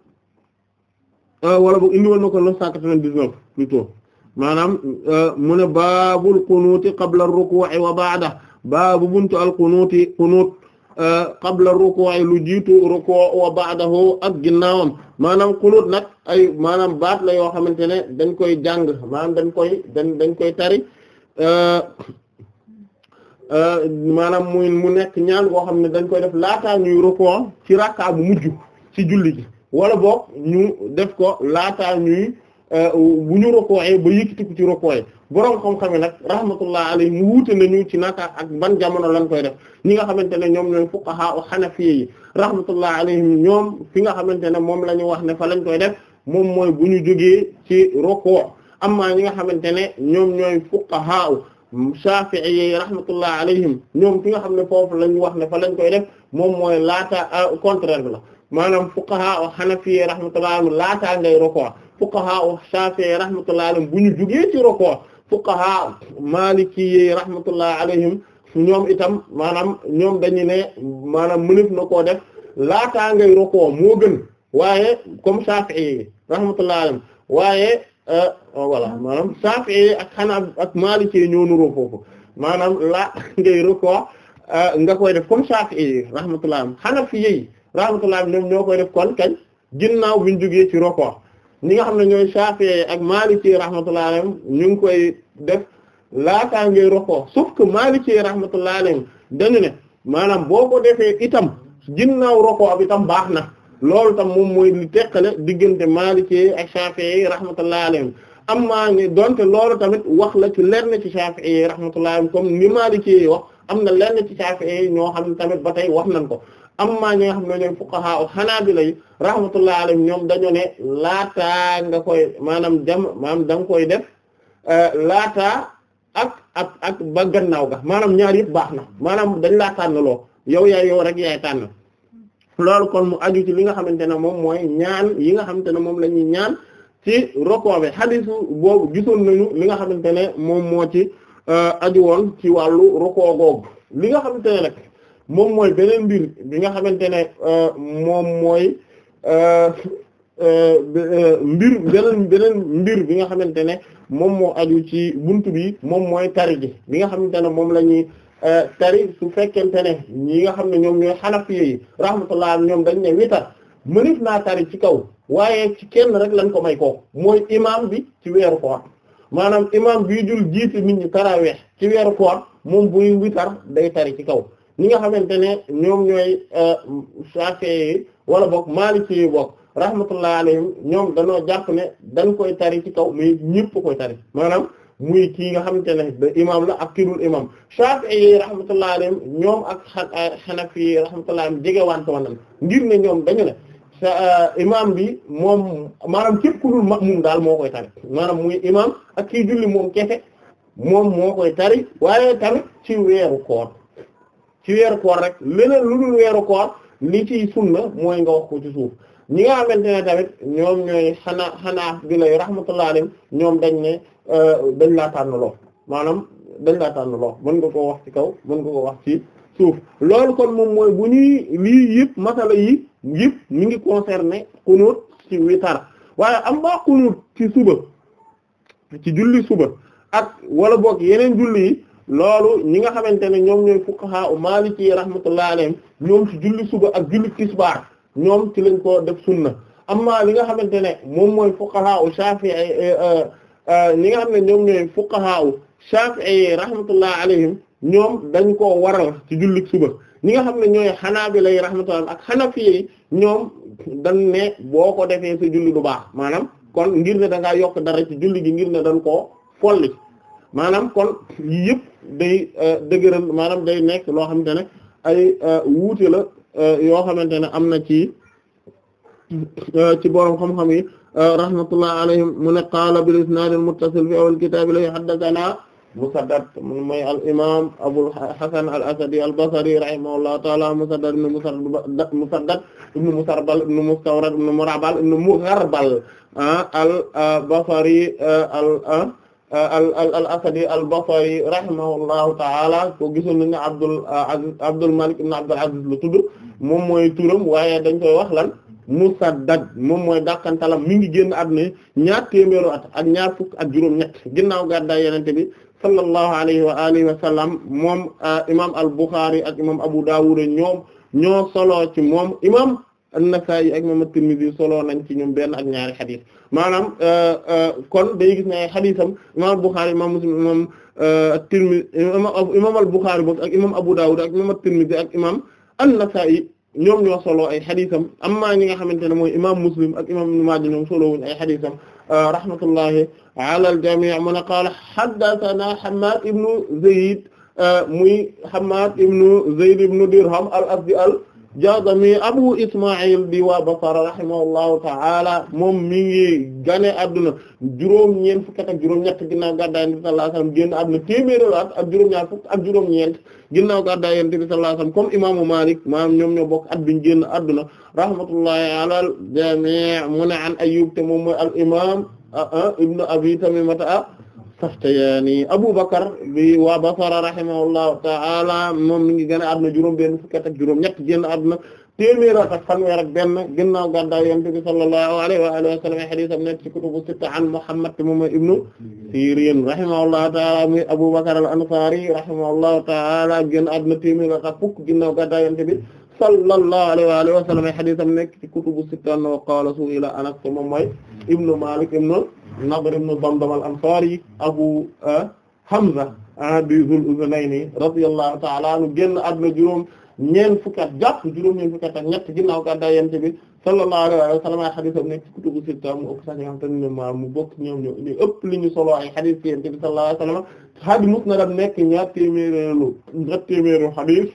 Euh, wala boog indiwoon na ko 999 plutôt maanaam euh, mu ne baabul qunuuti qabla ruku'i wa baada baabu buntu al qunuuti qunuut euh, qabla ruku'i lu jiitu ruku' wa ba'dahu ak ginnaawam maanaam qunuut nag ay maanaam baat la yoo xamante ne dañ koy jàng maanaam dañ koy dañ dañ koy tari maanaam muy mu nekk ñaan goo xam ne dañ koy def laataa ñuy ruku' ci rakka bu mujj ci julli gi wala boog ñu def ko laata ñuy euh, bu ñu rokkooyee ba yëkkatiku ci rokkooyee borom xam-xam yi nag rahmatullah alayhi mu wuute nañu ci naka ak ban jamono lañ koy def ñi nga xamante ne ñoom ñooy fuqaha wa hanafiyya yi rahmatullah alayhim ñoom fi nga xamante ne moom la ñu wax ne fa lañ koy def moom mooy bu ñu jógee ci rokkoo amma ñi nga xamante ne ñoom ñooy fuqaha shafi'i yi rahmatullah alayhim ñoom fi nga xam ne foofu la ñu wax ne fa lañ koy def moom mooy laata euh, contraire bi la maanaam fuqaha o xanafiye rahmatullahi alayhim laata ngay roko fuqaha o shafi'i rahmatullahi alayhim bu ñu jugee ci roko fuqaha malikiye rahmatullahi alayhim ñoom itam maanaam ñoom dañu ne maanaam mënef na koo def laataa ngay roko moo gën waaye comme shafi'i rahmatullahi alayhim waaye euh, voilà maanaam shafi'i ak xanaa ak malikiye ñoo nuroo foofu maanaam laa ngay roko euh, nga koy def comme shafi'i rahmatullahi alayhim xanafiye rahmatullah ñoom ñoo koy def kon kañ ginnaaw bi ñu jógee ci roko ñi nga xam ne ñooy Shafi'i ak Maliki rahmatullah alayhim ñu ngi koy def laataa ngay roko sauf que Maliki rahmatullah alayhim dañu ne maanaam boo ko defee itam ginnaaw roko ab itam baax na loolu tam moom mooy li teqale diggante Maliki ak Shafi'i rahmatullah alayhim amma ni donte loolu tamit wax la ci lenn ci Shafi'i rahmatullah alayhim comme ni Maliki wax am na lenn ci Shafi'i ñoo xam tamit ba tey wax nañ ko am amma ñi nga xam ne ñooy fuqaha hanabila yi rahmatullahi alayhim ñoom dañoo ne laataa nga koy maanaam jam maanaam da nga koy def euh, laata ak ak ak ba gannaaw ga maanaam ñaar yëpp baax na maanaam dañ laa tànn loo yaay yow rek yaay tànn loolu kon mu aju ci li nga xamante ne moom mooy ñaan yi nga xamante ne moom lañuy ñaan ci rokoo bi xadisu boobu gisoon nañu li nga xamante ne moom moo ci euh, aju woon ci wàllu rokoo googu li nga xamante ne rek moom mooy beneen mbir bi nga xamante ne euh, moom mooy euh, euh, mbir beneen beneen mbir bi nga xamante ne moom moo aju ci bunt bi moom mooy tari gi bi nga xamante ne moom la ñuy tari su fekkente ne ñi nga xam ne ñoom ñooy xanafi yi rahmatullah ñoom dañ ne witar mënif naa tari ci kaw waaye ci kenn rek lañ ko may ko mooy imam bi ci weeru koor maanaam imam bii dul jiite nit ñi taraweex ci weeru koor moom buy witar day tari ci kaw ñi nga xamante ne ñoom ñoy ñooy euh, Shafi'i wala bokk Maliki bokk rahmatullah alayhim ñoom danoo jàpp ne dañ koy tari ci kaw mais ñëpp koy tari maanaam muy kii nga xamante ne da imam la ak kirul imam Shafi'i rahmatullah alayhim ñoom ak Hanafi euh, rahmatullah alayhim jegewante woon ñoom dañu ne euh, bi moom maanaam képp ku dul ma'mum daal moo koy tari maanaam muy imam ak kii julli moom kese moom moo koy tari waaye tamit ci weeru koor ci weeru koor rek leneen lu dul weeru koor li ci sunna mooy nga wax ko ci suuf ñi nga xamante ne tamit ñoom ñooy xanaa xanaa bi lay rahmatullahi ñoom dañ ne euh, dañ laa tànnaloo maanaam dañ laa tànnaloo mën nga koo wax ci kaw mën nga koo wax ci suuf loolu kon moom mooy bu ñuy lii yëpp masala yi yëpp mi ngi concerné kunut ci witar waaye am ba kunut ci suba ci julli suba ak wala boog yeneen julli yi loolu ñi nga xamante ne ñoom ñooy fuqaha u maliki rahmatullahi alayhim ñoom ci julli suba ak julli tisbaar ñoom ci lañ ko def sunna amma li nga xamante ne moom mooy fuqaha u shafi'i eh, eh, eh, ñi nga xam ne ñoom ñooy fuqaha u shafi'i rahmatullahi alayhim ñoom dañ koo waral ci julli suba ñi nga xam ne ñooy hanabila rahmatullahi ak hanafi ñoom dañ ne boo ko defee sa julli du baax maanaam kon ngir ne da ngaa yokk dara ci julli gi ngir ne dañ koo folli maanaam kon yëpp day euh, dëgëral maanaam day nekk loo xamante ne ay euh, wuute la euh, yoo xamante ne am na ci ci borom xam-xam yi rahmatullah alayhim mu ne qaala bil isnaad al muttasil fi awal kitaab al imaam Abul Hasan al Asadi al Basri rahimahullahu ta'ala Musaddad ibn Musaddad ibn Musarbal ibn Mustawrad ibn Murabal ibn Mugharbal ah, al Basri al Euh, al al al asadi al basri rahimahullahu taala ko gisoon nañu a Abdul euh, Aziz Abdul Malik ibn Abdul Aziz la tudd moom mooy turam waaye dañ koy wax lan Musaddad moom mooy dàqantalam mi ngi génn àdduna ñaar téeméeru at ak ñaar fukk ak juróom-ñett ginnaaw gàddaay Yonent bi sallallahu alayhi wa alihi wa sallam moom euh, imaam al Bukhari ak imaam Abu Dawud ñoom ñoo solo ci moom imaam an-Nasa'i ak imaam at-Tirmidhi solo nañ ci ñoom benn ak ñaari xadiis. maanaam euh, euh, kon day gis ne ay xadiisam imaam al-Bukhari imaam Muslim imaam at-Tirmidhi euh, imaam al-Bukhari boog ak imaam Abu Dawud ak imaam at-Tirmidhi ak imaam an-Nasa'i ñoom ñoo solo ay xadiisam amma ñi nga xamante ne mooy imaam Muslim ak imaam Ibn Maaja ñoom solo wuñ ay xadiisam rahmatullahi ala al-jamii' man qaala haddathanaa Hammaad ibn Zayd muy Hammaad ibn Zayd ibn Dirham al-Azdi al Jazami Abu Ismaïl di waa Basra ta'ala moom mi ngi gane adduna juróom-ñeent fukk ak juróom-ñett ginnaaw gàddaay Yonent bi sallallahu ak juróom-ñaar fukk ak ñeent ginnaaw gàddaay Yonent bi sallallahu alayhi wasallam imaamu Malik maam ñoom ñoo bokk at biñ génn rahmatullahi ala al-jami' mu an Ayyub te moom mooy al imaam ah, ah, ibnu Abi Tamimata Saxtiyaani Abu Bakar bi waa Basra rahimahullahu ta'ala moom mi ngi gën a àdduna juróom benn fukki at ak juróom ñett génn àdduna téeméer ak fanweer ak benn ginnaaw gàddaay Yonent bi sallallahu alayhi wa alihi wa sallam hadiis am nekk ci kutubu sitta an Muhammad moom ibnu Sirin rahimahullahu ta'ala muy Abu Bakar al-Ansari rahimahullahu ta'ala génn àdduna téeméer ak fukk ginnaaw gàddaay Yonent bi sallallahu alayhi wa alihi wa sallam ay xadisam nekk ci kutubu sitta wa qaala su'ila Anas te moom mooy ibnu Malik ibnu Nadr ibnu Damdam al-Ansari Abu ah, Hamza di Zul Uzunayni radiyallahu ta'ala anhu génn àdduna juróom ñeen fukki at jàpp juróom ñeen fukki at ak ñett ginnaaw gàddaay Yonent bi sallallahu alayhi wa sallam ay xadisam nekk ci kutubu sitta mu ëpp sax ñi nga xam te ne ma mu bokk ñoom ñoo ñu ëpp li ñu solo ay xadis ci Yonent bi sallallahu alayhi wa sallam xadis musnad nekk ñaar téeméeru ñaar téeméeru xadis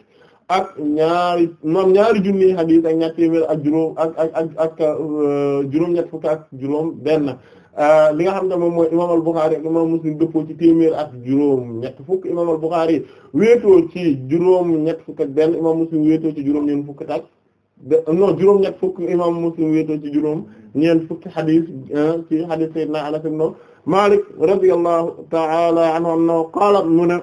ak ñaari moom ñaari junni hadith ak ñaar téeméer ak juróom ak ak ak ak euh, juróom-ñett fukk ak juróom benn euh, li nga xam ne moom mooy imam al-Bukhari ak imam Muslim dëppoo ci téeméer ak juróom ñett fukk imam al-Bukhari wéetoo ci juróom ñett fukk ak benn imam Muslim wéetoo ci juróom ñeent fukk ak non juróom ñett fukk imam Muslim ci juróom ñeent euh, Malik radiyallahu ta'ala anhu qaala mu ne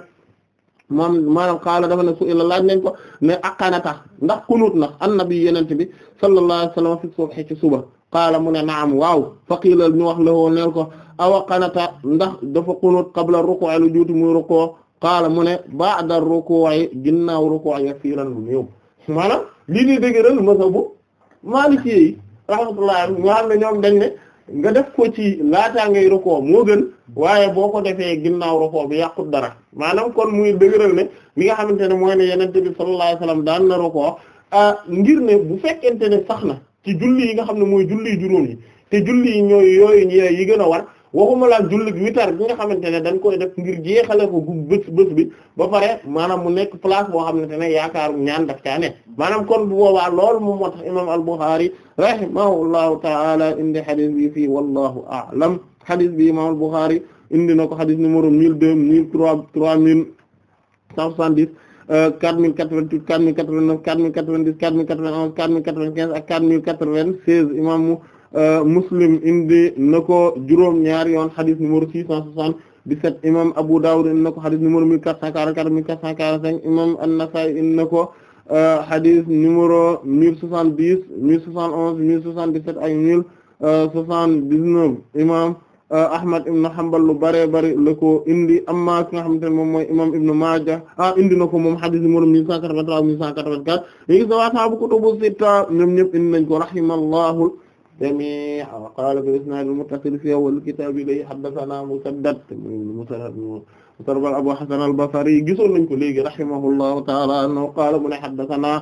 moom maanaam xaala dafa ne su illa laaj nañ ko ne aqanata ndax kunut na annabi yenente bi sallallahu alayhi wasallam fi subhi ci suba qaala mu ne naam waaw faqiila ñu wax la woo neel ko awa qanata ndax dafa kunut qabla ruku'i lu juuti muy ruku' qaala mu ne ba'da ruku'i ginnaaw ruku'i yasiran lu néew maanaam lii nii dëgëral mazhabu maliki yi rahmatullahi nga xam ne ñoom dañ ne nga def ko ci laataa ngay roko moo gën waaye boo ko defee ginnaaw roko bi yàqut dara maanaam kon muy dëgëral ne li nga xamante ne mooy ne yenente bi sallallahu alayhi wasallam daan na a ngir ne bu fekkente ne sax na ci julli yi nga xam ne mooy julli juróom yi te julli yi ñooy yooyu yi gën a war waxuma laa jullit witar bi nga xamante ne dañ koy def ngir jeexale ko gu bës bës bi ba pare maanaam mu nekk place boo xamante ne yaakaaru ñaan daf caa ne maanaam kon bu boobaa loolu moom moo tax imam al-Bukhari rahimahullahu ta'ala indi hadith bi fii wallahu a'lam hadith bi imam al-Bukhari indi na ko hadith numéro mille deux mille trois trois mille cent soixante-dix 4088 4089 4090 4091 4095 ak Euh, Muslim indi na ko juróom ñaari yoon xadis numéro 677 imam Abu Dawud indi na ko xadis numéro 1444 1445 imam An-Nasa'i indi na ko euh, xadis numéro 1070 1071 1077 ak 1079 euh, imam Ahmad ibn Hanbal lu bare bare la ko indi amma ki nga xamante ne moom mooy imam Ibn Maaja ah indi na ko moom xadis numéro 1183 1184 léegi sa waa saabu kutubu sitta ñoom ñëpp indi nañ ko rahimallahu سميع وقال بالإسناد المتصل في أول الكتاب إليه حدثنا مسدد مسربل أبو حسن البصري gisoon nañu ko léegi rahimahullahu ta'ala annahu qaala mu ne حدثنا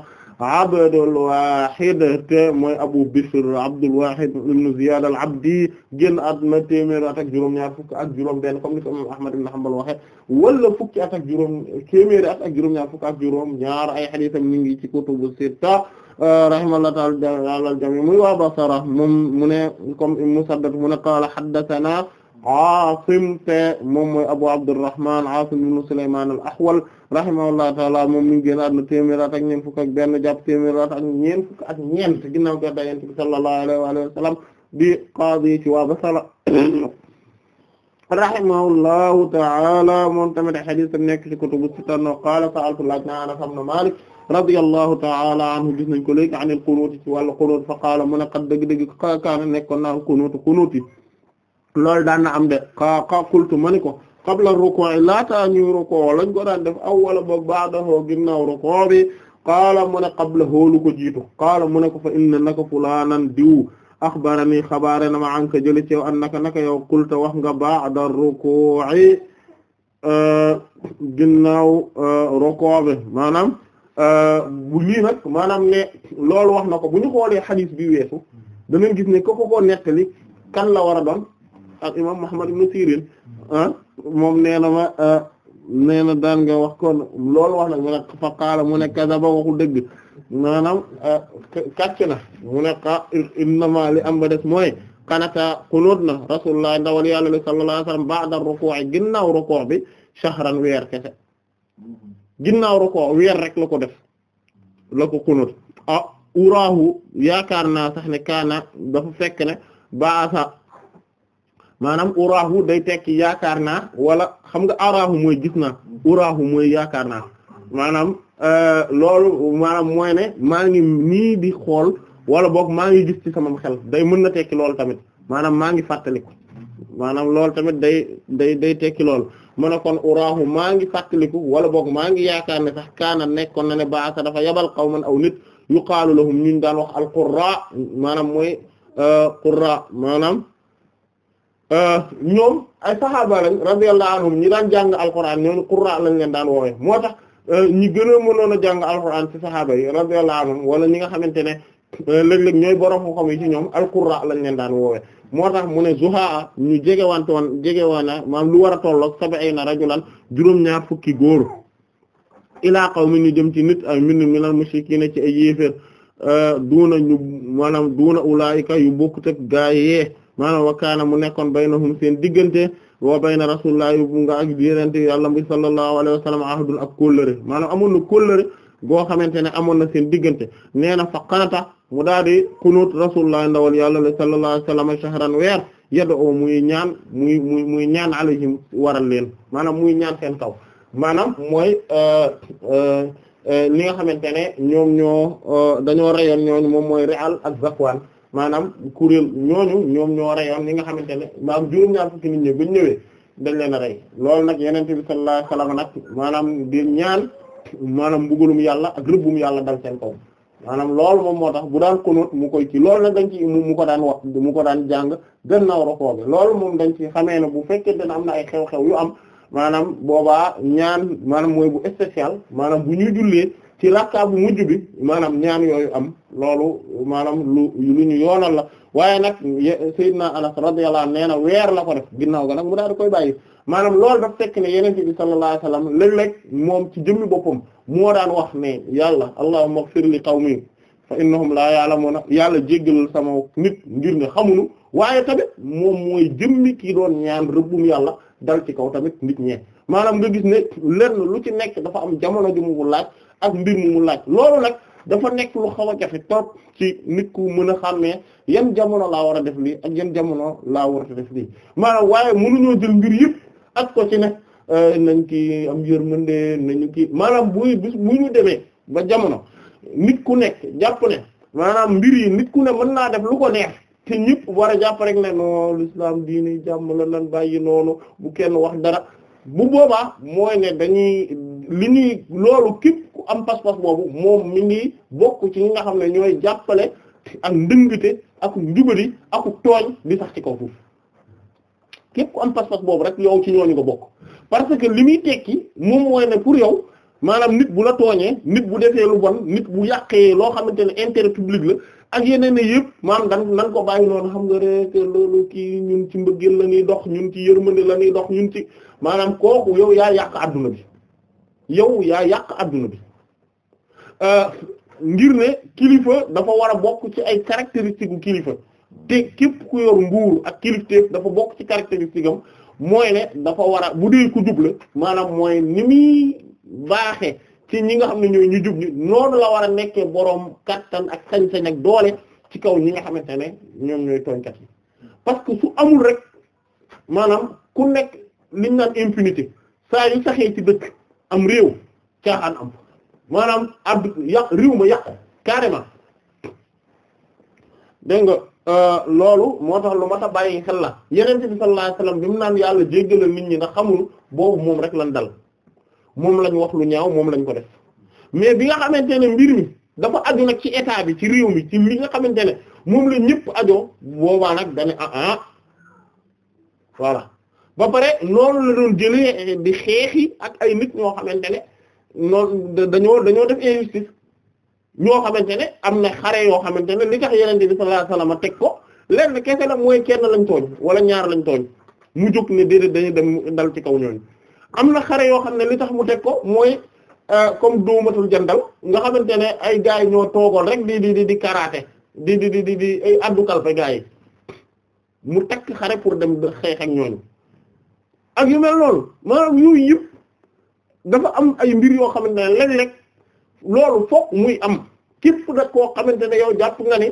Abdul Wahid te mooy Abu Bishr Abdul Wahid ibn Ziyad al-Abdi génn àdduna téeméer at ak juróom-ñaar fukk ak juróom-benn comme ni ko imam Ahmad ibn Hanbal waxe wala fukki at ak juróom téeméeri at ak juróom-ñaar fukk ak juróom-ñaar ay hadiisam ñu ngi ci kutubu sitta Euh, rahimahullahu ta'ala ala al muy waa Basra moom mu ne comme Musaddad mu ne qaala haddathana Aasim te moom mooy Abu Abdurrahman Aasim ibn Sulaymaan al-Ahwal rahimahullahu ta'ala moom mi ngi génn àdduna téeméer ak ñeent fukk ak benn jàpp téeméer at ak ñeent fukk ak ñeent ginnaaw gàddaay Yonent bi sallallahu alayhi wa alihi wa sallam di qaadi ci waa Basra rahimahullahu ta'ala moom tamit hadiis nekk ci kutubu sitta qaala sa'altu laaj na Anas ibn Maalik radiyallahu ta'ala anhu gis nañ ko léegi anil qunut ci wàllu qunut fa qaala mu ne qad dëgg-dëgg kaana nekkoon naa qunut qunut yi loolu daan na am de ka ka qultu ma ni ko qabla ruku'i laataa ñuy ruku' lañ ko daan def awwala ba ba'dahu ginnaaw ruku' bi qaala mu ne qablahu lu ko jiitu qaala mu ne ko fa inna naka fulaanan diw axbarani xabaare na ma anka jële ci yow annaka naka yow qulta wax nga ba'da ruku'i euh, ginnaaw euh, ruku' bi maanaam Euh, lii nag maanaam ne lool wax na ko bu ñu xoolee xadiis bi weesu danañ gis ne ko ko nekk li kan la war a doon ak imam Muhammad ibn Sirin ah, moom nee na ma ah, nee na daan nga wax kon lool wax nag mu ne fa qaala mu ne kadaba waxu dëgg maanaam ah, kàcc na mu ne li am ba des mooy kanata xunuut na rasulullah ndawal yàlla sallallahu alayhi wasallam ba'da ruku' ginnaaw ruku' bi shahran weer kese ginnaaw ruko weer rek la ko def la ko kunut ah uraahu yaakaar naa sax ne kaana dafa fekk ne baasa maanaam uraahu day tekki yaakaar naa wala xam nga araahu mooy gis naa uraahu mooy yaakaar naa maanaam euh, loolu maanaam mooy ne maa ngi nii di xool wala boog maa ngi gis ci sama xel day mën na tekki loolu tamit maanaam maa ngi fàttaliku maanaam loolu tamit day day day tekki lool mu ne kon uraahu maa ngi fàttaliku wala boog maa ngi yaakaar ne sax kaana nekkoon na ne baasa dafa yabal qawman aw nit yuqaalu lahum ñu ñu daan wax alqurra maanaam mooy euh, qurra maanaam euh, ñoom ay sahaaba lañ radiyallahu anhum ñi daan jàng alquraan ñooñu qurra lañ leen daan woowe moo tax euh, ñi gën a mënoon a jàng alquraan ci sahaaba yi radiyallahu anhum wala ñi nga xamante ne léeg-léeg ñooy borom xam yi ci ñoom alqurra lañ leen daan woowee moo tax mu ne zuhaa ñu jegewante woon jegewaana maam lu war a tolloog sab'ina rajulan juróom-ñaar fukki góor ilaa qawmin ñu jëm ci nit ay min minal mushrikiina ci ay yéeféer euh, duuna ñu maanaam duuna ulaayika yu bokkut ak gaayee maanaam wa kaana mu nekkoon baynahum seen diggante wa bayna rasulillahi bu nga ak yérante yàlla bi sallallahu alayhi wa sallam ahdun ak kóllëre maanaam amoon na kóllëre goo xamante ne amoon na seen diggante nee na fa mu daal di kunut rasulullah ndawal yàlla la sallallahu alayhi wasallam shahran weer yaddo oo muy ñaan muy muy muy ñaan alayhim waral leen maanaam muy ñaan seen kaw maanaam mooy euh, euh, euh, li nga xamante ne ñoom ñoo dañoo rayoon ñooñu moom mooy Ri'al ak Zakwaan maanaam kuréel ñooñu ñoom ñoo rayoon li nga xamante ne maanaam juróom-ñaar fukki nit ñi bu ñëwee dañ leen rey loolu nag Yonent bi sallallahu nag maanaam di ñaan maanaam mbugalum yàlla ak rëbbum yàlla dal seen kaw maanaam loolu moom moo tax bu daan konóot mu koy ci loolu nag dañ ci mu ko daan wax mu ko daan jàng gannaaw rokoo bi loolu moom dañ ci xamee ne bu fekkee dana am na ay xew-xew yu am maanaam boobaa ñaan maanaam mooy bu spécial maanaam bu ñuy jullee ci rakkaa bu mujj bi maanaam ñaan yooyu am loolu maanaam lu lu ñu yoonal la waaye nag Seydina Anas radiyallahu anhu nee na weer la ko def ginnaaw ga nag mu daal di koy bàyyi maanaam loolu daf fekk ne yenente bi sallallahu alayhi wasallam léeg-léeg moom ci jëmmi boppam moo daan wax ne yàlla allahumma ighfir li qawmi fa innahum laa ya'lamuna yàlla jéggalal sama nit ngir ne xamuñu waaye tamit moom mooy jëmmi ki doon ñaan rëbbum yàlla dal ci kaw tamit nit ñeen maanaam nga gis ne lenn lu ci nekk dafa am jamono ju laaj ak mbir mu mu laaj loolu nag dafa nekk lu xaw a jafe trop ci nit ku mën a xàmmee yan jamono laa war a def lii ak yan jamono laa war ak ko ci ne euh, nañ ki am yërmande nañu ki maanaam buy bis bu ñu demee ba jamono nit ku nekk jàpp maanaam mbir yi nit ku ne mën naa def lu ko neex te ñëpp war a jàpp rek ne noo l'islam diine jàmm la nan bàyyi noonu bu kenn wax dara bu boobaa mooy ne dañuy li ñuy loolu képp ku am pas-pas boobu moom mi ngi bokk ci ñi nga xam ne ñooy jàppale ak ndëngte ak njubali ak tooñ di sax ci kaw foofu képp ku am pas-pas boobu rek yow ci ñooñu nga bokk parce que li muy tekki moom mooy ne pour yow maanaam nit bu la tooñee nit bu defee lu bon nit bu yàqee loo xamante ne intérêt public la ak yeneen ne yëpp maanaam dan nan ko bàyyi noonu xam nga rek loolu kii ñun ci mbëggeel la ñuy dox ñun ci yërmande la ñuy dox ñun ci maanaam kooku yow yaa yàq adduna bi yow yaa yàq adduna bi euh, ngir ne kilifa dafa war a bokk ci ay caractéristiques u kilifa te képp ku yor nguur ak kilifteef dafa bokk ci caractéristique am mooy ne dafa war a bu dee ku jub maanaam mooy ni muy baaxe ci ñi nga xam ne ñooy ñu jub ñi noonu la war a nekkee boroom kattan ak sañ-sañ ak doole ci kaw ñi nga xamante ne ñoom ñooy tooñkat yi parce que su amul rek maanaam ku nekk liñ naan impunité saa yu saxee ci dëkk am réew caaxaan am maanaam ab yàq réew ma yàq carrément dégg Euh, loolu moo tax lu mat a bàyyi xel la yeneen bi sallallahu alayhi wasallam bi mu naan yàlla jéggalal nit ñi nga xamul boobu moom rek lan dal moom lañ wax lu ñaaw moom lañ ko def mais bi nga xamante ne mbir mi dafa aju nag ci état bi ci réew mi ci li nga xamante ne moom lañ ñëpp ajo boobaa nag dañu ah ah voilà ba pare noonu la doon jëlee di xeexi ak ay nit ñoo xamante ne dañoo dañoo def injustice ñoo xamante ne am na xare yoo xamante ne li tax yenente bi sallallahu alayhi wasallam teg ko lenn kese la mooy kenn lañ tooñ wala ñaar lañ tooñ mu jóg ne déedéet dañu dem dal ci kaw ñooñu am na xare yoo xam ne li tax mu teg ko mooy euh, comme jan jandal nga xamante ne ay gaay ñoo toogoon rek di di di di di di di di di ay addu kalpe gaay mu teg xare pour dem xeex ak ñooñu ak yu mel loolu maanaam yooyu yëpp dafa am ay mbir yoo xamante ne léeg-léeg loolu fokk muy am képp nag koo xamante ne yow jàpp nga ne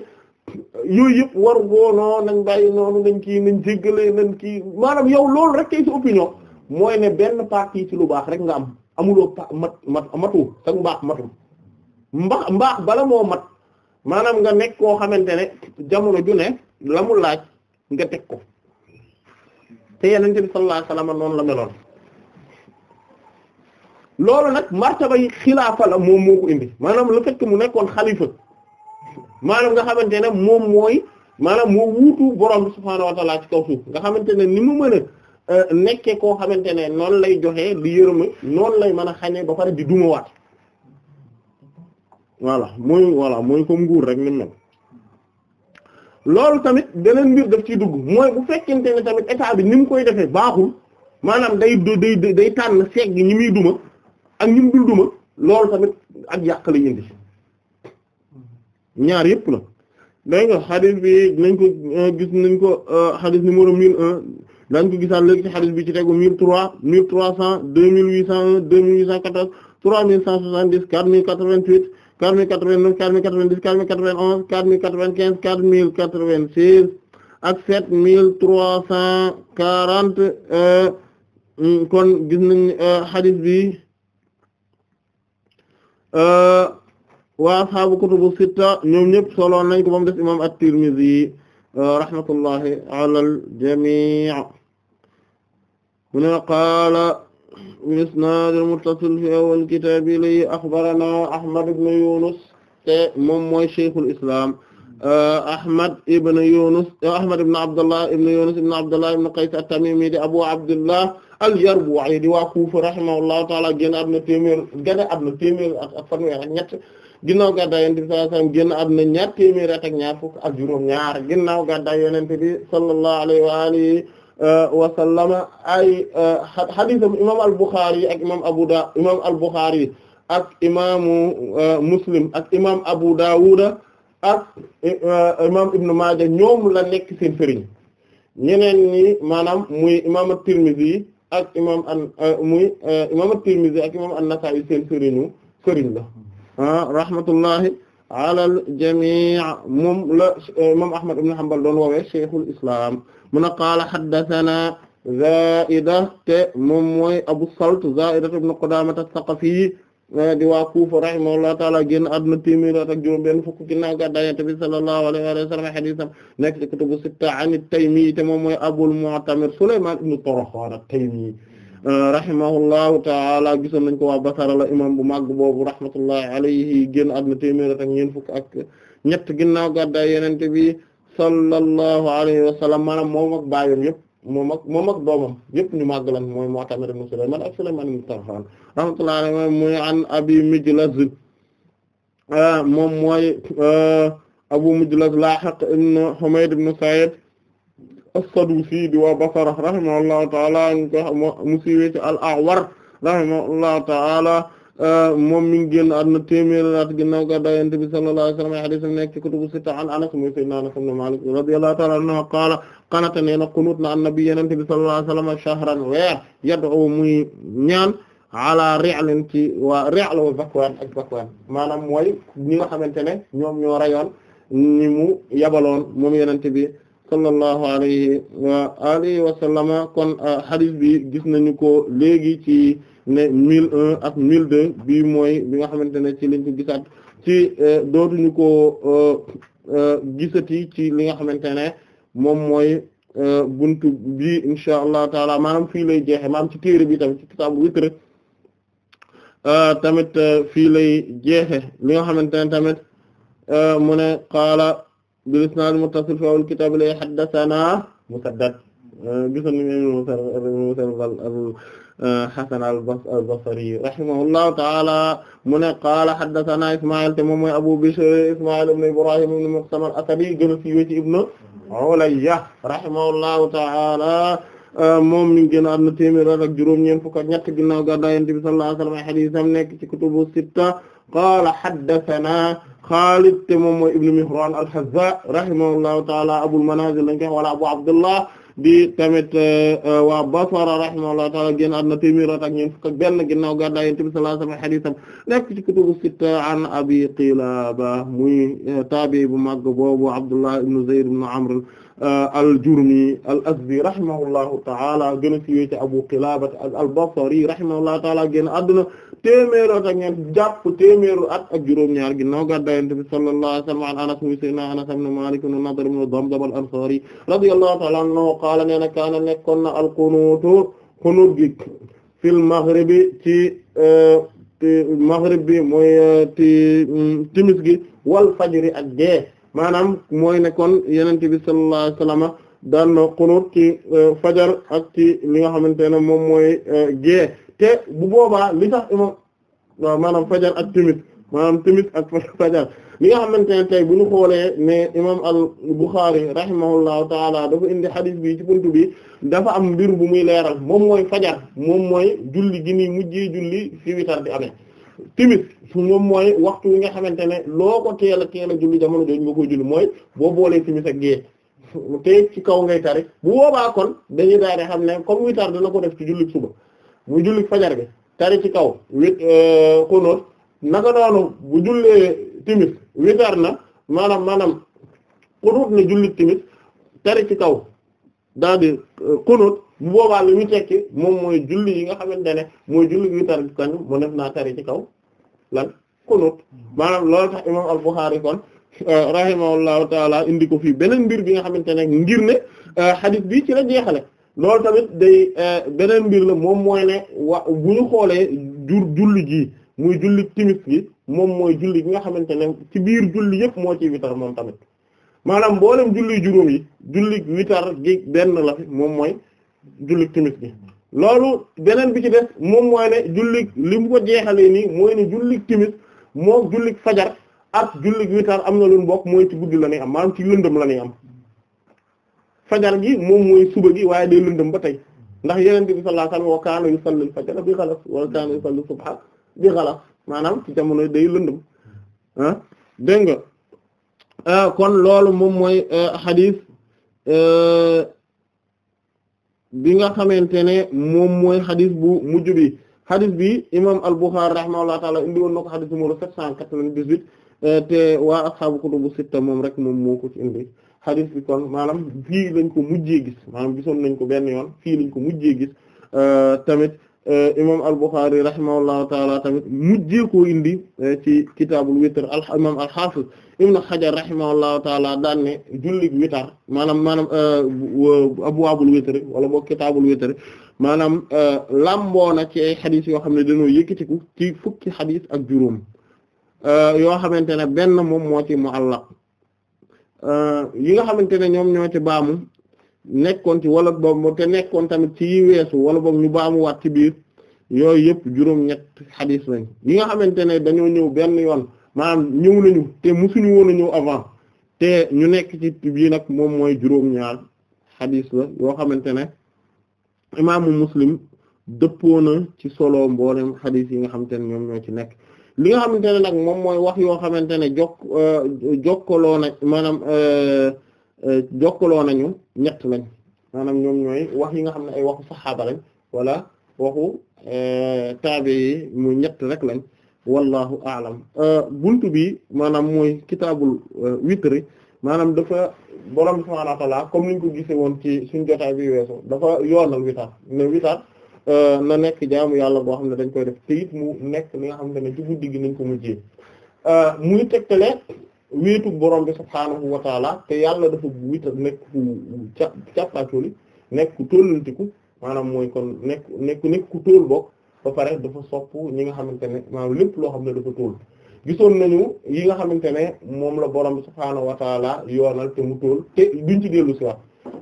yooyu yëpp war woonoo nañ bàyyi noonu nañ kii nañ jéggale nañ kii maanaam yow loolu rek kay sa opinion mooy ne benn partie ci lu baax rek nga am amuloo pa mat mat matu sax mbaax matul mbaax mbaax bala moo mat maanaam nga nekk koo xamante ne jamono ju ne mu laaj nga teg ko te yenente bi sallallahu alayhi wasallam noonu la meloon loolu nag martaba yi xilaafa la moom moo ko indi maanaam le fekk mu nekkoon xalifa maanaam nga xamante ne moom mooy maanaam moo wuutu borom bi subhaanahu wa ci kaw suuf nga xamante ne ni mu mën a euh, nekkee koo xamante ne noonu lay joxe li yërëma noonu lay mën a xañee ba pare di dumawaat voilà mooy voilà mooy comme nguur rek ni mel loolu tamit deneen mbir daf ciy dugg mooy bu fekkente ne tamit état bi ni mu koy defee baaxul maanaam day day day tànn seeg gi ñi muy duma ak ñum dul duma loolu tamit ak yàq la indi ñaar yëpp na dégg nga xadis bi nañ ko euh, gis nañ ko euh, xadis numéro mille un dañ ko gisaan léegi ci xadis bi ci tegu mille trois mille trois cent deux mille huit cent un deux mille huit cent quatorze trois mille cent soixante dix quatre mille quatre vingt huit quatre mille quatre vingt neuf quatre mille quatre vingt dix quatre mille quatre vingt onze quatre mille quatre vingt quinze quatre mille quatre vingt seize ak sept mille trois cent quarante euh, mm, kon xadis bi Euh, waa ashaabu kutubu sitta ñoom ñëpp solo nañ ko ba mu des imaam at-Tirmidhi euh, rahmatullahi ala al-jamii' mu ne qaala isnaad al-muttasil fi awwal kitaab li axbaranaa Ahmad ibn Yunus te moom mooy shaykhul islam euh, Ahmad ibn Yunus Ahmad ibn Abdullah ibn Yunus ibn Abdullah ibn Qays at-Tamimi di Abu Abdullah al-Yarbu'i di waa Kufa rahimahullahu ta'ala génn àdduna téeméer génn àdduna téeméer ak ak fanweer ak ñett ginnaaw gàddaay yonent bi sallallahu alayhi wasallam génn àdduna ñaar téeméer ak ñaar fukk ak ñaar ginnaaw gàddaay yonent bi sallallahu alayhi wa alihi uh, wa sallam ay uh, hadiisam imaam al-Bukhari ak imaam Abu Da imaam al-Bukhari Dawud uh, ak imaam Ibn Maaja ñoom la nekk seen sëriñ ñeneen muy imaam at-Tirmidhi ak imam an euh, muy euh, imam at-Tirmidhi ak imam an-Nasa'i seen sëriñu sëriñ la ah, rahmatullahi ala al-jami' moom la euh, imam Ahmad ibn Hanbal doon woowee cheikhul islam mun a qaala haddathana Zaida te moom mooy Abu Salt Zaida ibn Qudamah as-Saqafi Eh, di waa Kufa rahimahullahu taala génn àdduna téeméer ak juróom-benn fukk ginnaaw gàddaay Yonent bi sallallahu alayhi wa sallam hadiisam nekk ci kutubu sitta an Taymi te moom mooy Abul Mu'tamir Sulaymaan ibn Tarxaan at-Taymi eh, rahimahullahu taala gisoon nañ ko waa Basra la imam bu màgg boobu rahmatullahi alayhi génn àdduna téeméer ak ñeent fukk ak ñett ginnaaw gàddaay Yonent bi sallallahu alayhi wa sallam maanaam moom ak baayam yëpp. moom ak moom ak doomam yëpp ñu màgg lan mooy Mu'tamir ibn Sulaymaan ak Sulaymaan ibn Tarxaan rahmatullahi alayhi muy an Abi Mijlaz ah, moom mooy ah, Abu Mijlaz Laahiq ibn Humayd ibn Sa'iid as-Sadusi di waa Basra rahimahullahu ta'ala mu siiwee ci al-A'war rahimahullahu ta'ala Euh, moom mi ngi génn àdduna téeméer at ginnaaw gàddaay Yonent bi sallallahu alayhi wa sallam hadith nekk ci kutubu sitta an Anas muy sayyidina Anas ibn Malik radiyallahu ta'ala anhu qaala qanata nee na qunut na an-nabi Yonent bi sallallahu alayhi wa sallam shahran weer yad'u muy ñaan ala ri'lin ci waa ri'l wa Zakwaan ak Zakwaan maanaam mooy ñi nga xamante ne ñoom ñoo rayoon ñi mu yabaloon moom Yonent bi sallallahu alayhi wa alihi wa sallama kon euh, hadith bi gis nañu ko léegi ci ne mille un ak mille deux bii mooy li nga xamante ne ci lañ ko ci euh, dootuñu ko euh, euh, gisati ci li nga xamante ne moom mooy buntu bii insha allahu taala maanaam fii lay jeexe maanaam ci téere bi tamit ci kitaabu witr tamit fii lay jeexe li nga xamante ne tamit mu ne qaala bil isnaad muttasil fi awwal kitaab lay haddathana musaddad mu ni Hasan al-Basri rahimahullahu ta'ala mu ne qaala haddathana Isma'il te moom mooy Abu Bishr Isma'il ibn Ibrahim ibn Muqsam al-Asadi gën a siiwee ci Ibn Ulayya rahimahullahu ta'ala moom mi ngi génn àdduna téeméer ak juróom-ñeent fukk ak ñett ginnaaw gàddaay Yonent bi sallallahu alayhi wa sallam hadiisam nekk ci kutubu sitta qaala haddathana Xaalid te moom mooy Ibn Mihraan al-Hazza rahimahullahu ta'ala Abul Manaazil lañ koy wax wala Abu Abdullah di tamit euh, euh, waa Basra rahimahullahu ta'ala génn àdduna téeméer ak ñeent fukk ak benn ginnaaw gàddaa Yonent bi sallallahu alayhi wa sallam hadiisam nekk ci kutubu sitta an Abi Qilaaba muy euh, taabi bu mag boobu Abdullah ibn Zayd ibn Amr Euh, al-Jurmi al-Azdi rahimahullahu ta'ala gën a siiwee ci Abu Qilaba al-Basri rahimahullahu ta'ala génn àdduna téeméer ak ñeent jàpp téeméeru at ak juróom-ñaar ginnaaw gàddaay Yonent bi sallallahu alayhi wa sallam an Anas muy Sayyidina Anas ibn Malik ibn Nadr ibn Damdam al-Ansari radiyallahu ta'ala anhu qaala nee na kaana nekkoon na al-qunuut qunuut gi fil maghrib ci euh, maghrib bi mooy ci euh, mm, timis gi wal fajri ak gée. maanaam mooy ne kon yonent bi sallallahu alayhi wasallam daan na qunut ci euh, fajar ak ci li nga xamante ne moom mooy euh, gée te bu boobaa li tax imam maanaam fajar ak timit maanaam timit ak li nga xamante ne tey bu ñu xoolee ne imam al Bukhari rahimahullahu taala dafa indi hadith bi ci buntu bi dafa am mbir bu muy leeral moom mooy fajar moom mooy julli gi ni julli fi witar di amee timis moom mooy waxtu wi nga xamante ne loo ko teel a teel a julli jamono jooju nga koy julli mooy boo boolee timis ak gée te ci kaw ngay tari bu boobaa kon dañuy daal di xam ne comme muy tar dana ko def ci julli suba mu julli fajar gi tari ci kaw wit euh, xunóot naka noonu bu jullee timis witar na maanaam maanaam xunóot na julli timis tari ci kaw daal di euh, xunóot bu boobaa lu muy tekki moom mooy julli yi nga xamante ne mooy julli gi tar kan mu def naa tari ci kaw lan kunut maanaam loolu tax imam al-Bukhari kon euh, rahimahullahu taala indi ko fii beneen mbir bi nga xamante ne ngir ne euh, hadith bi ci la jeexale loolu tamit day euh, beneen mbir la moom mooy ne wa bu ñu xoolee jur julli gi muy julli timis gi moom mooy julli gi nga xamante ne ci biir julli yëpp moo ci witar moom tamit maanaam mboolem julli juróom yi julli witar la moom mooy julli timis bi loolu beneen bi ci des moom mooy ne julli li mu ko jeexalee nii mooy ne julli timis moom julli fajar ak julli witar am na lu bokk mooy ci guddi la ñuy am maanaam ci lëndëm la ñuy am fajar gi moom mooy suba gi waaye day lëndëm ba tey ndax yeneen bi sallallahu alayhi wasallam wa kaana yusalli al-fajr bi xalas wa kaana yusalli subha bi xalas maanaam ci jamono day lëndëm ah nga ah, kon loolu moom mooy ah, hadith. Ah, bi nga xamante ne moom mooy xadis bu mujj bi xadis bi imam al-Bukhari rahimahullahu taala indi woon na ko xadis numéro 798 euh, te waa ashaabu kutubu sitta moom rek moom moo ko ci indi xadis bi kon maanaam fii lañ ko mujjee gis maanaam gisoon nañ ko benn yoon fii lañ ko mujjee gis euh, tamit euh, imam al-Bukhari rahimahullahu taala tamit mujje koo indi ci kitaabul witr al imam al-Hafiz Ibn Hajar rahimahullahu taala daan ne julli witar maanaam maanaam euh, abwaabul witr wala boog kitaabul witr maanaam euh, lamboo na ci ay xadis yoo xam ne dañoo yëkkatiku ci fukki xadis ak juróom euh, yoo xamante ne benn moom moo ci muallaq yi nga xamante ne ñoom ñoo ci baamu nekkoon ci wala boog te nekkoon tamit ci yi weesu wala boog ñu baamuwaat ci biir yooyu yëpp juróom-ñett xadis lañ yi nga xamante ne dañoo ñëw benn yoon. maanaam ñëw nañu te musuñu woon a ñëw avant te ñu nekk ci bii nag moom mooy juróom-ñaar xadiis la yoo xamante ne imaamu dëppoo na ci solo mboolem xadiis yi nga xamante ne ñoom ñoo ci nekk li nga xamante ne nag moom mooy wax yoo xamante ne jok euh, jokkaloo na maanaam euh, euh, jokkaloo nañu ñett lañ maanaam ñoom ñooy wax yi nga xam ne ay waxu saxaaba lañ wala waxu taabe yi mu ñett rek lañ wallahu a'lam euh, bunt bi maanaam mooy kitaabul euh, witri maanaam dafa borom subhaanahu wa ta'aala comme ko gisee woon ci suñ jotaay bi weesu dafa yoonal witar ne witar euh, na nekk jaamu yàlla boo xam ne dañ koy def te mu nekk li nga xam ne ci guddi nañ ko mujjee muy tegtale wéetu borom bi subhaanahu wa ta'aala te yàlla dafa witar nekk ku ca càppaacoli nekk ku tólluntiku maanaam mooy kon nekk nekk ku tóol bokk ba pare dafa sopp ñi nga xamante ne maanaam lépp loo xam ne dafa tóol gisoon nañu yi nga xamante ne moom la borom bi subhaanahu wa taala yoonal te mu tóol te duñ ci dellu si wax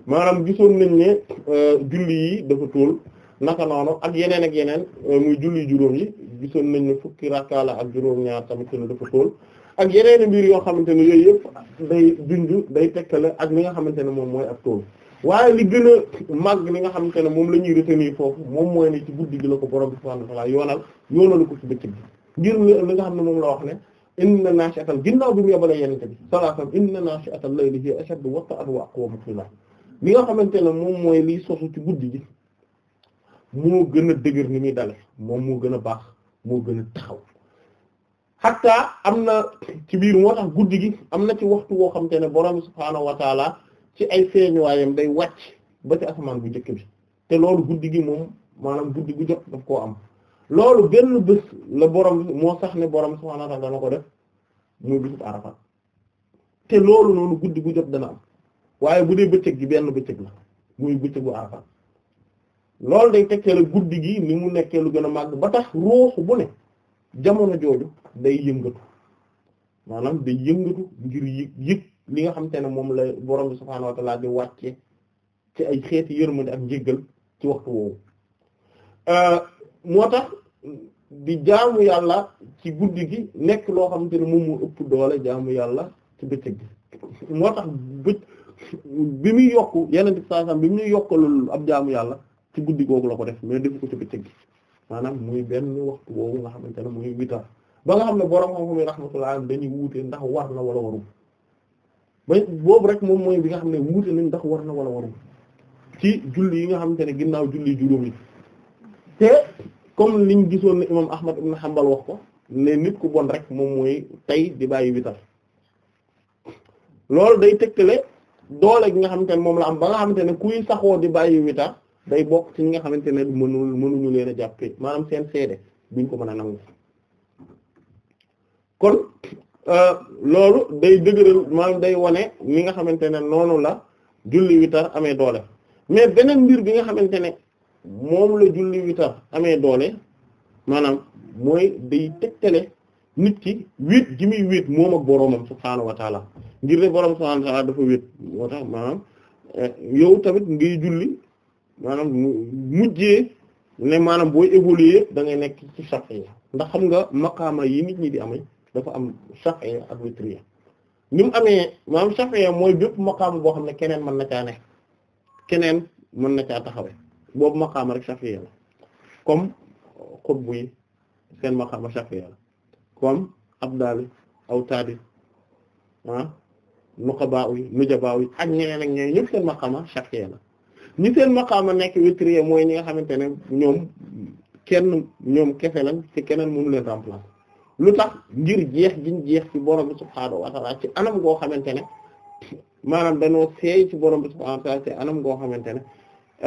maanaam gisoon nañ ne euh, julli yi dafa tóol naka noonu ak yeneen ak yeneen euh, muy julli juróom yi gisoon nañ ne fukki rakka ak juróom-ñaar tamit te ne dafa tóol ak yeneen mbir yoo xamante ne yooyu yëpp day junj day tekkale ak li nga xamante ne moom mooy ab tóol waaye li gëna a màgg li nga xamante ne moom la ñuy retenir foofu moom mooy ne ci guddi gi la ko borom bi subhaanahu wa ta'aala yoonal yoonalu ko ci bëccëg bi ngir li nga xam ne moom la wax ne inna naashi'atal ginnaaw bi mu yebale yenente bi sallallahu alayhi wa sallam inna naashi'atal layli hiya ashaddu wat'an wa aqwamu qiila li nga xamante ne moom mooy lii sosu ci guddi gi moo gën a dëgër ni muy dale moom moo gën a baax moo gën taxaw hatta am na ci biir moo tax guddi gi am na ci waxtu woo xamante ne borom bi subhaanahu wa ci ay feeñuwaayam day wacc ba ci asamaan bu njëkk bi te loolu guddi gi moom maanaam guddi gu jot daf koo am loolu benn bés la borom moo sax ne borom subhaanahu wa ta'aala dana ko def muy bisub Arafat te loolu noonu guddi gu dana am waaye bu dee gi benn bëccëg la muy bëccëgu loolu day tegtale guddi gi ni mu nekkee lu gën a màgg ba tax ruux bu ne jamono jooju day yëngatu maanaam day yëngatu ngir yëg yëg li nga xamante ne moom lay borom bi subhaanahu laa ta'aala di wàcce ci ay xeeti yërmande ak njéggal ci waxtu woowu euh, moo tax di jaamu yàlla ci guddi gi nekk loo xamante ne moom moo ëpp doole jaamu yàlla ci bëccëg gi moo tax bëcc bi muy yokk yeneen saa bi muy yokkalul ab jaamu yàlla ci guddi googu la ko def mais def ko ci bëccëg gi maanaam muy benn waxtu woowu nga xamante ne muy witar ba nga xam ne borom xam-xam yi rahmatullah dañuy wuute ndax war na wala warum. ba boobu rek moom mooy bi nga xam ne wuute nañ ndax war na wala warul ci julli yi nga xamante ne ginnaaw julli juróom yi te comme liñ gisoon ne imam Ahmad ibn Hanbal wax ko ne nit ku bon rek moom mooy tey di bàyyi witar loolu day tëkkale doole gi nga xamante ne moom la am ba nga xamante ne kuy saxoo di bàyyi witar day bokk ci ñi nga xamante ne mënul mënuñu leen a jàppee maanaam seen seede buñ ko mën a nangu kon Euh, loolu day dëgëral maanaam day wane mi nga xamante ne noonu la julli witar amee doole mais beneen mbir bi nga xamante ne moom la julli witar amee doole maanaam mooy day tegtale nit ki wéet gi muy wéet moom ak boroomam subhaanahu wa taala ngir ne boroom subhaanahu wa dafa wéet moo tax maanaam eh, yow tamit ngay julli maanaam mujjee ne maanaam booy évoluer da ngay nekk ci sax yi ndax xam nga maqaama yi nit ñi di amee. dafa am chafiya ak witriya ni mu amee maanaam chafiya mooy bépp maqaama boo xam ne keneen mën na caa ne keneen mën na caa taxawe boobu maqaama rek chafiya la comme xutbu yi seen maqaama chafiya la comme abdali awtaadi ah nuqabaaw yi nujabaaw yi ak ñeneen ak ñeneen ñëpp seen maqaama chafiya la ñi seen maqaama nekk witriya mooy ñi nga xamante ne ñoom kenn ñoom kefe lañ ci keneen mënu leen remplacer lu tax ngir jeex giñ jeex ci borom bi subhaanahu wa ta'ala ci anam goo xamante ne maanaam dañoo ci borom bi subhaanahu anam goo xamante ne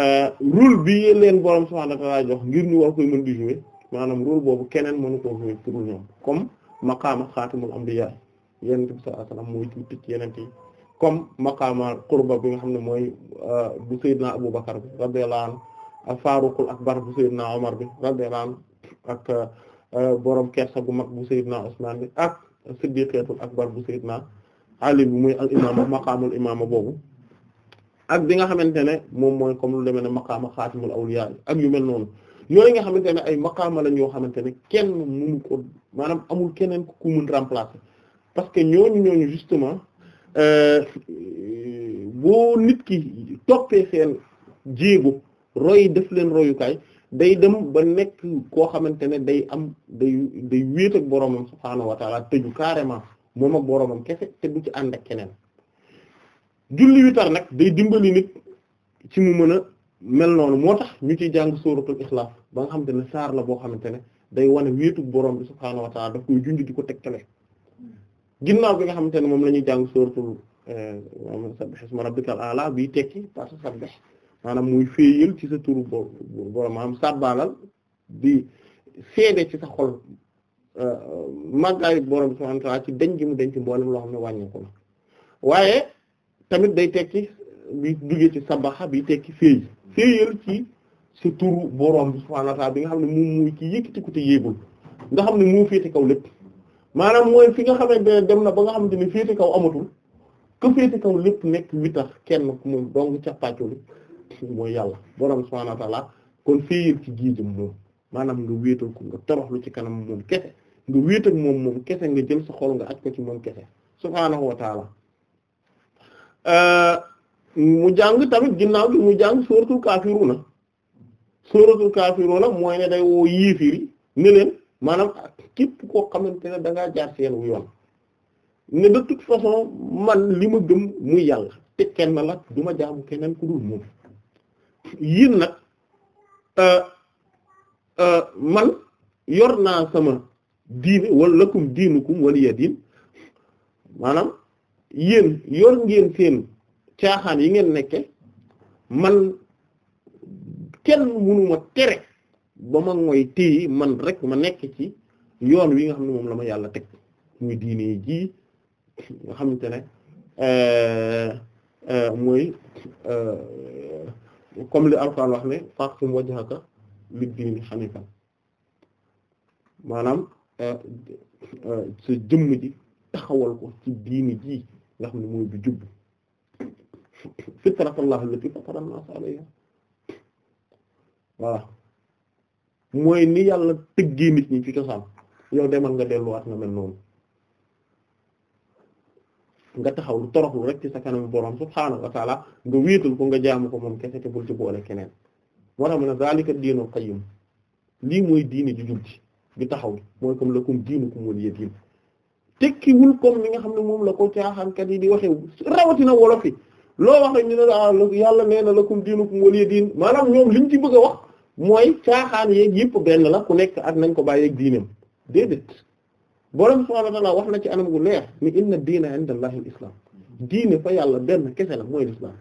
euh, rôle bi leen borom subhaanahu wa ta'ala jox ngir ñu war koy mën di jouer maanaam rôle boobu keneen mënu koo jouer pour ñoom comme maqaama xaatimul anbiya yenente bi sallallahu alayhi a mooy ci yeneen yenente yi comme maqaama qurba bi nga xam ne mooy euh, bu sayyidna Abu Bakar bi radiyallahu anhu ak faruqul akbar bu sayyidna Umar bi radiyallahu Euh, borom kersa gu mag bu Seydina Usmaan bi ak siddiqatul akbar bu Seydina Ali bi muy al imaama maqaamul imaama boobu ak bi nga xamante ne moom mooy comme lu demee ne maqaama xaatimul awliya ak yu mel noonu yooyu nga xamante ne ay maqaama lañ yoo xamante ne kenn mënu ko maanaam amul keneen ku mën remplacer parce que ñooñu ñooñu justement euh, boo nit ki toppee seen jéego roy def leen royukaay day dem ba nekk koo xamante ne day am day day wéet ak boroomam subhaanahu wa taala tëju carrément moom ak boroomam kese te du ci ànd ak keneen julli witar nag day dimbali nit ci mu mën a mel noonu moo tax ñu ciy jàng sóoratul ixlaas ba nga xamante ne saar la boo xamante ne day wane wéetu boroom bi subhaanahu wa taala daf koy junj di ko tegtale ginnaaw bi nga xamante ne moom la ñuy jàng sóoratul eh, sabbih isma rabbikal a'la bi tekki parce que sabbih maanaam muy féeyal ci sa turu borom maanaam sàbbaalal di seede ci sa xol euh, màggaayu borom subhaanahu wa ta'aala ci denc mu denc mboolem loo xam ne wàññeeku waaye tamit day tekki bi duggee ci sabaxa bi tekki féey féeyal ci sa turu bi subhaanahu wa bi nga xam ne moom muy ki yëkkati ko te yéegul nga xam ne moo féete kaw lépp maanaam mooy fi nga xamante ne dem na ba nga xamante ne féete kaw amatul. ku féete kaw lépp nekk wittax kenn ku moom dong cappaatu li mooy yàlla borom subhaanahu wa kon fii ci jiitam maanaam nga wéetal ko nga ci kanam moom kese ak moom moom kese nga jël sa xol nga aj ko ci moom kese mu jàng tamit ginnaaw bi mu jàng suuratul kaafiruuna suuratul kaafiruuna mooy ne day woo yéefiri ne leen maanaam képp koo xamante ne da ngaa jaar seen yoon ne de toute façon man li ma gëm muy yàlla te kenn la du ma jaamu keneen ku dul moom yiin nag euh, euh, man yor naa sama diine wala diin diinukum waliya diin maanaam yéen yor ngeen seen caaxaan yi ngeen nekke man kenn mënuma tere ba ma mooy téyi man rek ma nekk ci yoon wi nga xam ne moom la ma yàlla teg muy diine ji nga xamante ne euh, mooy comme li Alxuraan wax ne faqim wajhaka lid-diini haniifan maanaam euh, euh, sa jëmm ji taxawal ko ci diini ji nga xam ne mooy bi jub fitratallahi allati fatara an-naasa alayha voilà mooy ni yàlla tëggee nit ñi ci cosaan yow demal nga delluwaat nga mel noonu nga taxaw lu toroxlu rek ci sa kanam borom subhaanahu wa taala nga wéetal ko nga jaamu ko moom kese te bul ci boole keneen moo tax mu ne zaalika diinul qayyim lii mooy diini ju jub ji ju taxaw mooy comme lakum diinukum waliya diin tekkiwul comme li nga xam ne moom la ko caaxaankat yi di waxee rawatina wolof yi loo wax rek ñu ne ah yàlla nee na lakum diinukum waliya diin maanaam ñoom liñ ci bëgg a wax mooy caaxaan yeeg yëpp benn la ku nekk ak nañ ko bàyyeeg diineem déedéet. borom subhaanahu wa ta'aala wax na ci anam gu leer ni inna diina inda Allahi al-islaam diine fa yàlla benn kese la mooy l'islam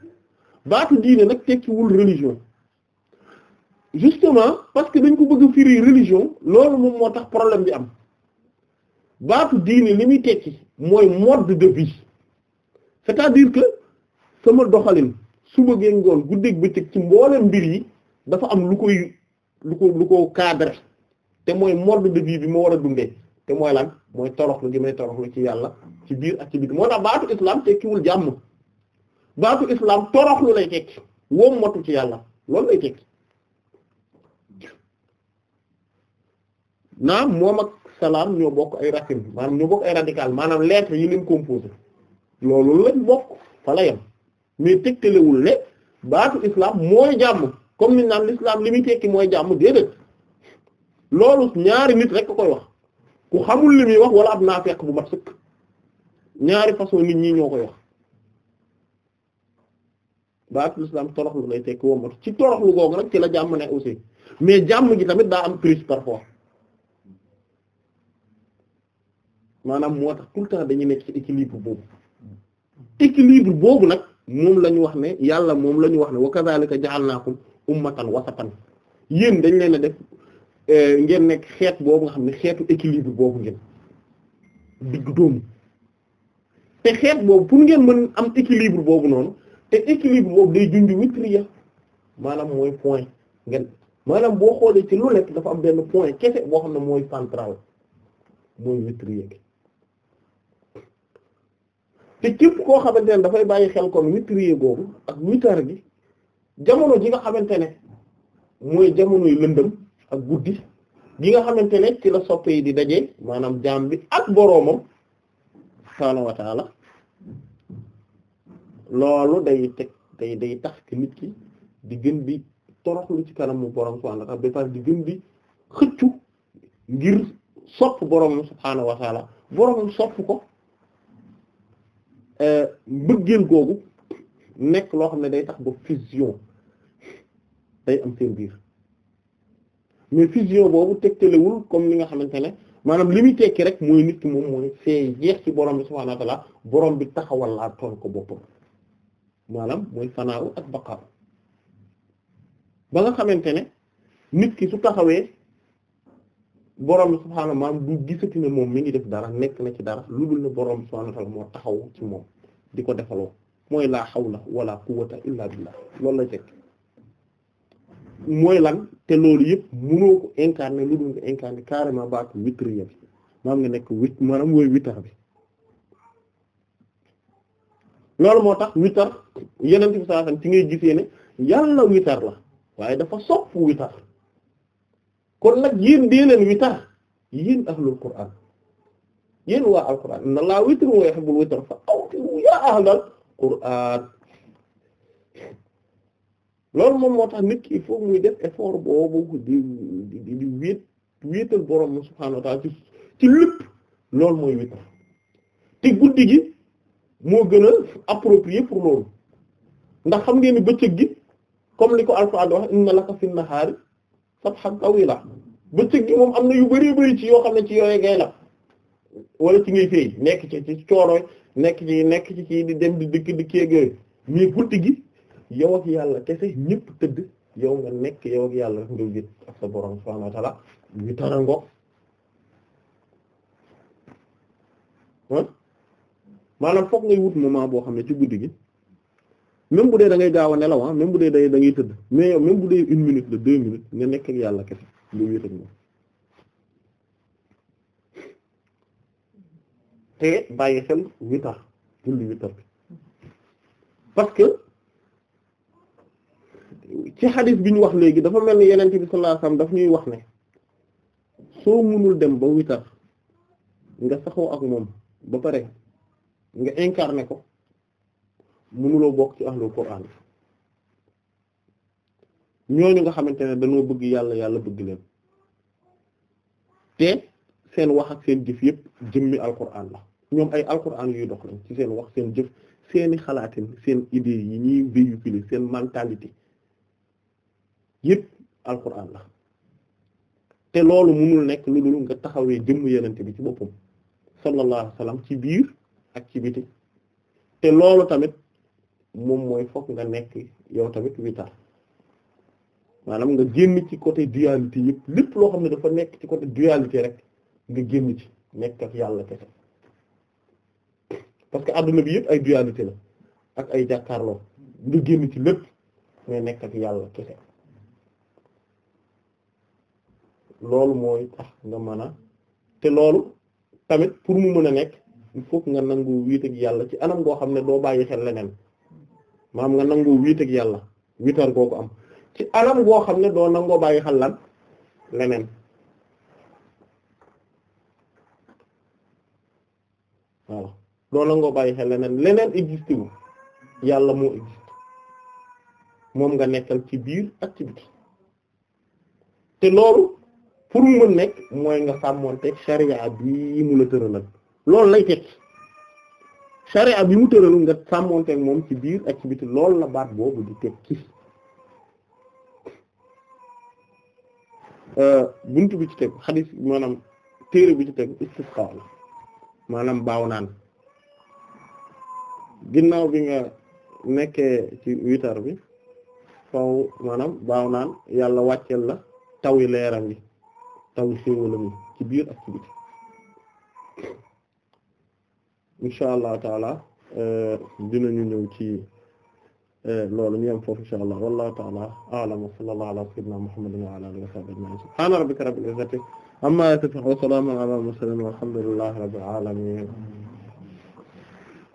baatu diine nag tekkiwul religion justement parce que dañ ko bëgg a firi religion loolu moom moo tax problème bi am baatu diine li muy tekki mooy mode de vie c'est-à-dire que sama doxalin su gee ngoon guddeeg bëccëg ci mbooleem mbir yi dafa am lu koy lu ko lu ko cadre te mooy mode de vie bi ma war a dundee. te mooy lan mooy toroxlu gi may toroxlu ci yàlla ci biir ak ci biir moo tax baatu islam tekkiwul jàmm baatu islam toroxlu lay tekki woom motu ci yàlla loolu lay tekki moom ak salaam ñoo bokk ay maanaam ñoo yi leen composé lañ bokk fa la yem mais tegtalewul ne baatu islam mooy jàmm comme ni naan l'islam li muy tekki mooy jàmm déedéet loolu ñaari nit rek ko koy wax ku xamul li muy wax wala ab naafeq bu mat sëkk ñaari façon nit ñi ñoo koy wax baatul islam toroxlu lay tekk woo ci toroxlu googu rek ci la jàmm ne aussi mais jàmm ji tamit daa am prise parfois maanaam moo tax tout le temps dañuy nekk ci équilibre boobu équilibre boobu nag moom la ñu wax ne yàlla moom la ñu wax ne wa kadhalika ja'alnakum ummatan wasatan yéen dañ leen a def Euh, ngeen nekk xeet boobu nga xam ne xeetu équilibre boobu ngeen digg dóomu te xeet boobu pour ngeen mën am équilibre boobu noonu te équilibre boobu day junj witriya maanaam mooy point ngeen maanaam boo xoolee ci lu nekk dafa am benn point kese boo xam ne mooy central mooy witriya gi te képp koo xamante ne dafay bàyyi xel kon witriya googu ak witar gi jamono ji nga xamante ne mooy jamonoy lëndëm ak guddi gi nga xamante ne ci la soppe yi di daje maanaam jaam bi ak boroomam subhaanahu wa taala loolu day teg day tax ki nit ki di gën di toroxlu ci kanamu borom subhaanahu wa taala ba di gën di xëccu ngir sopp borom subhaanahu wa boroom borom sopp ko euh, mbëggeel googu nekk loo xam ne day tax ba fusion day am seen biir. mais fusion boobu tegtalewul comme li nga xamante ne maanaam li muy tekki rek mooy nit ki moom mooy fee jeex ci borom bi subhaanahu wa ta'ala borom bi taxawal laa toon ko boppam maanaam mooy fanaaw ak baqaaw ba nga xamante ne nit ki su taxawee borom bi subhaanahu maanaam du gisati ne moom mi ngi def dara nekk na ci dara lu dul ne borom bi subhaanahu wa moo taxaw ci moom di ko defaloo mooy laa xaw la wala quwwata illa billah loolu la tekki mooy lan te loolu yëpp mënoo ko incarner lu dul nga incarner carrément baatu witriya bi maam nga nekk wit maanaam mooy witar bi loolu moo tax witar yeneen bi saa ci ngay gisee ne yàlla la waaye dafa sopp witar kon nag yéen dee leen witar yéen ahlul qur'an yéen waa al qur'an inna allaha witrun wa yuhibbul witra fa awtiru yaa ahlal qur'an loolu moom moo tax nit ki il faut muy def effort boobu di di di wéet wéetal boroom subhaanahu wa ci ci loolu mooy wéet te guddi gi moo gën a approprié pour loolu ndax xam ngeen ni bëccëg gi comme li ko Alxuraan wax inna laka fin nahaari sabhan tawiila bëccëg gi moom am na yu bëri bari ci yoo xam ne ci yooye ngay la wala ci ngay fay nekk ci ci cooroy nekk ci nekk ci ci di dem di dikk di kéegooyu mais guddi gi yow ak yàlla kese ñëpp tëdd yow nga nekk yow ak yàlla nga wét ak sa borom subhaanahu wa ta'ala ñu tarango maanaam foog ngay wut moment boo xam ne ci guddi gi même bu dee da ngay gaaw a nelaw bu dee da da tëdd mais yow même bu dee une minute la deux minutes nga nekk yàlla kese nga wét witar parce que ci xadis bi ñu wax léegi dafa mel ni yeneen bi sallallahu alayhi daf ñuy wax ne soo mënul dem ba witar nga saxoo ak moom ba pare nga incarné ko mënuloo bokk ci ahlul Qur'an ñooñu nga xamante ne dañoo bëgg yàlla yàlla bëgg leen te seen wax ak seen jëf yëpp jëmmi alquran la ñoom ay alquran yuy dox lañ ci seen wax seen jëf seeni xalaatin seen idées yi ñuy véhiculer seen mentalité yëpp alquran la te loolu mënul nekk lu dul nga taxawee jëmm yenente bi ci boppam sallallahu alayhi ci biir ak ci biti te loolu tamit moom mooy foog nga nekk yow tamit witar maanaam nga génn ci côté dualité yëpp lépp loo xam ne dafa nekk ci côté dualité rek nga génn ci nekk ak yàlla kese parce que àdduna bi yëpp ay dualité la ak ay jàkkaarloo nga génn ci lépp nga nekk ak yàlla kese loolu mooy tax nga mën a te loolu tamit pour mu mën a nekk il nga nangu wiit ak yàlla ci anam goo xam ne doo bàyyi xel leneen maam nga nangu wiit yàlla wiitar goo am ci anam goo xam ne doo nangoo bàyyi xel lan leneen voilà doo bàyyi xel leneen leneen existe wu yàlla moo existe moom nga nekkal ci biir ak ci biti te loolu pour mu mën nekk mooy nga sàmmonte sharia bii mu la tëralal loolu lay tekki sharia bi mu tëral nga sàmmonte ak moom ci biir ak ci biti loolu la baat boobu di tekki euh, bunt bi ci tegu xadis maanaam téere bi ci teg tegu istisqa la maanaam baaw naan ginnaaw bi nga nekkee ci witar bi faw maanaam baaw naan yàlla wàccel la tawi leeram yi aw xéewalam ci biir ak ci biti insha allah taala euh, dinañu ñëw ci euh, loolu ñu am foofu insha allah wallahu taala a'lam wa sallallahu ala sayyidina muhammadin wa ala alihi wa sahbihi ajma'in subhana rabbika rabbil izzati amma yasifun wa salamun ala mursalin walhamdulillahi rabbil alamin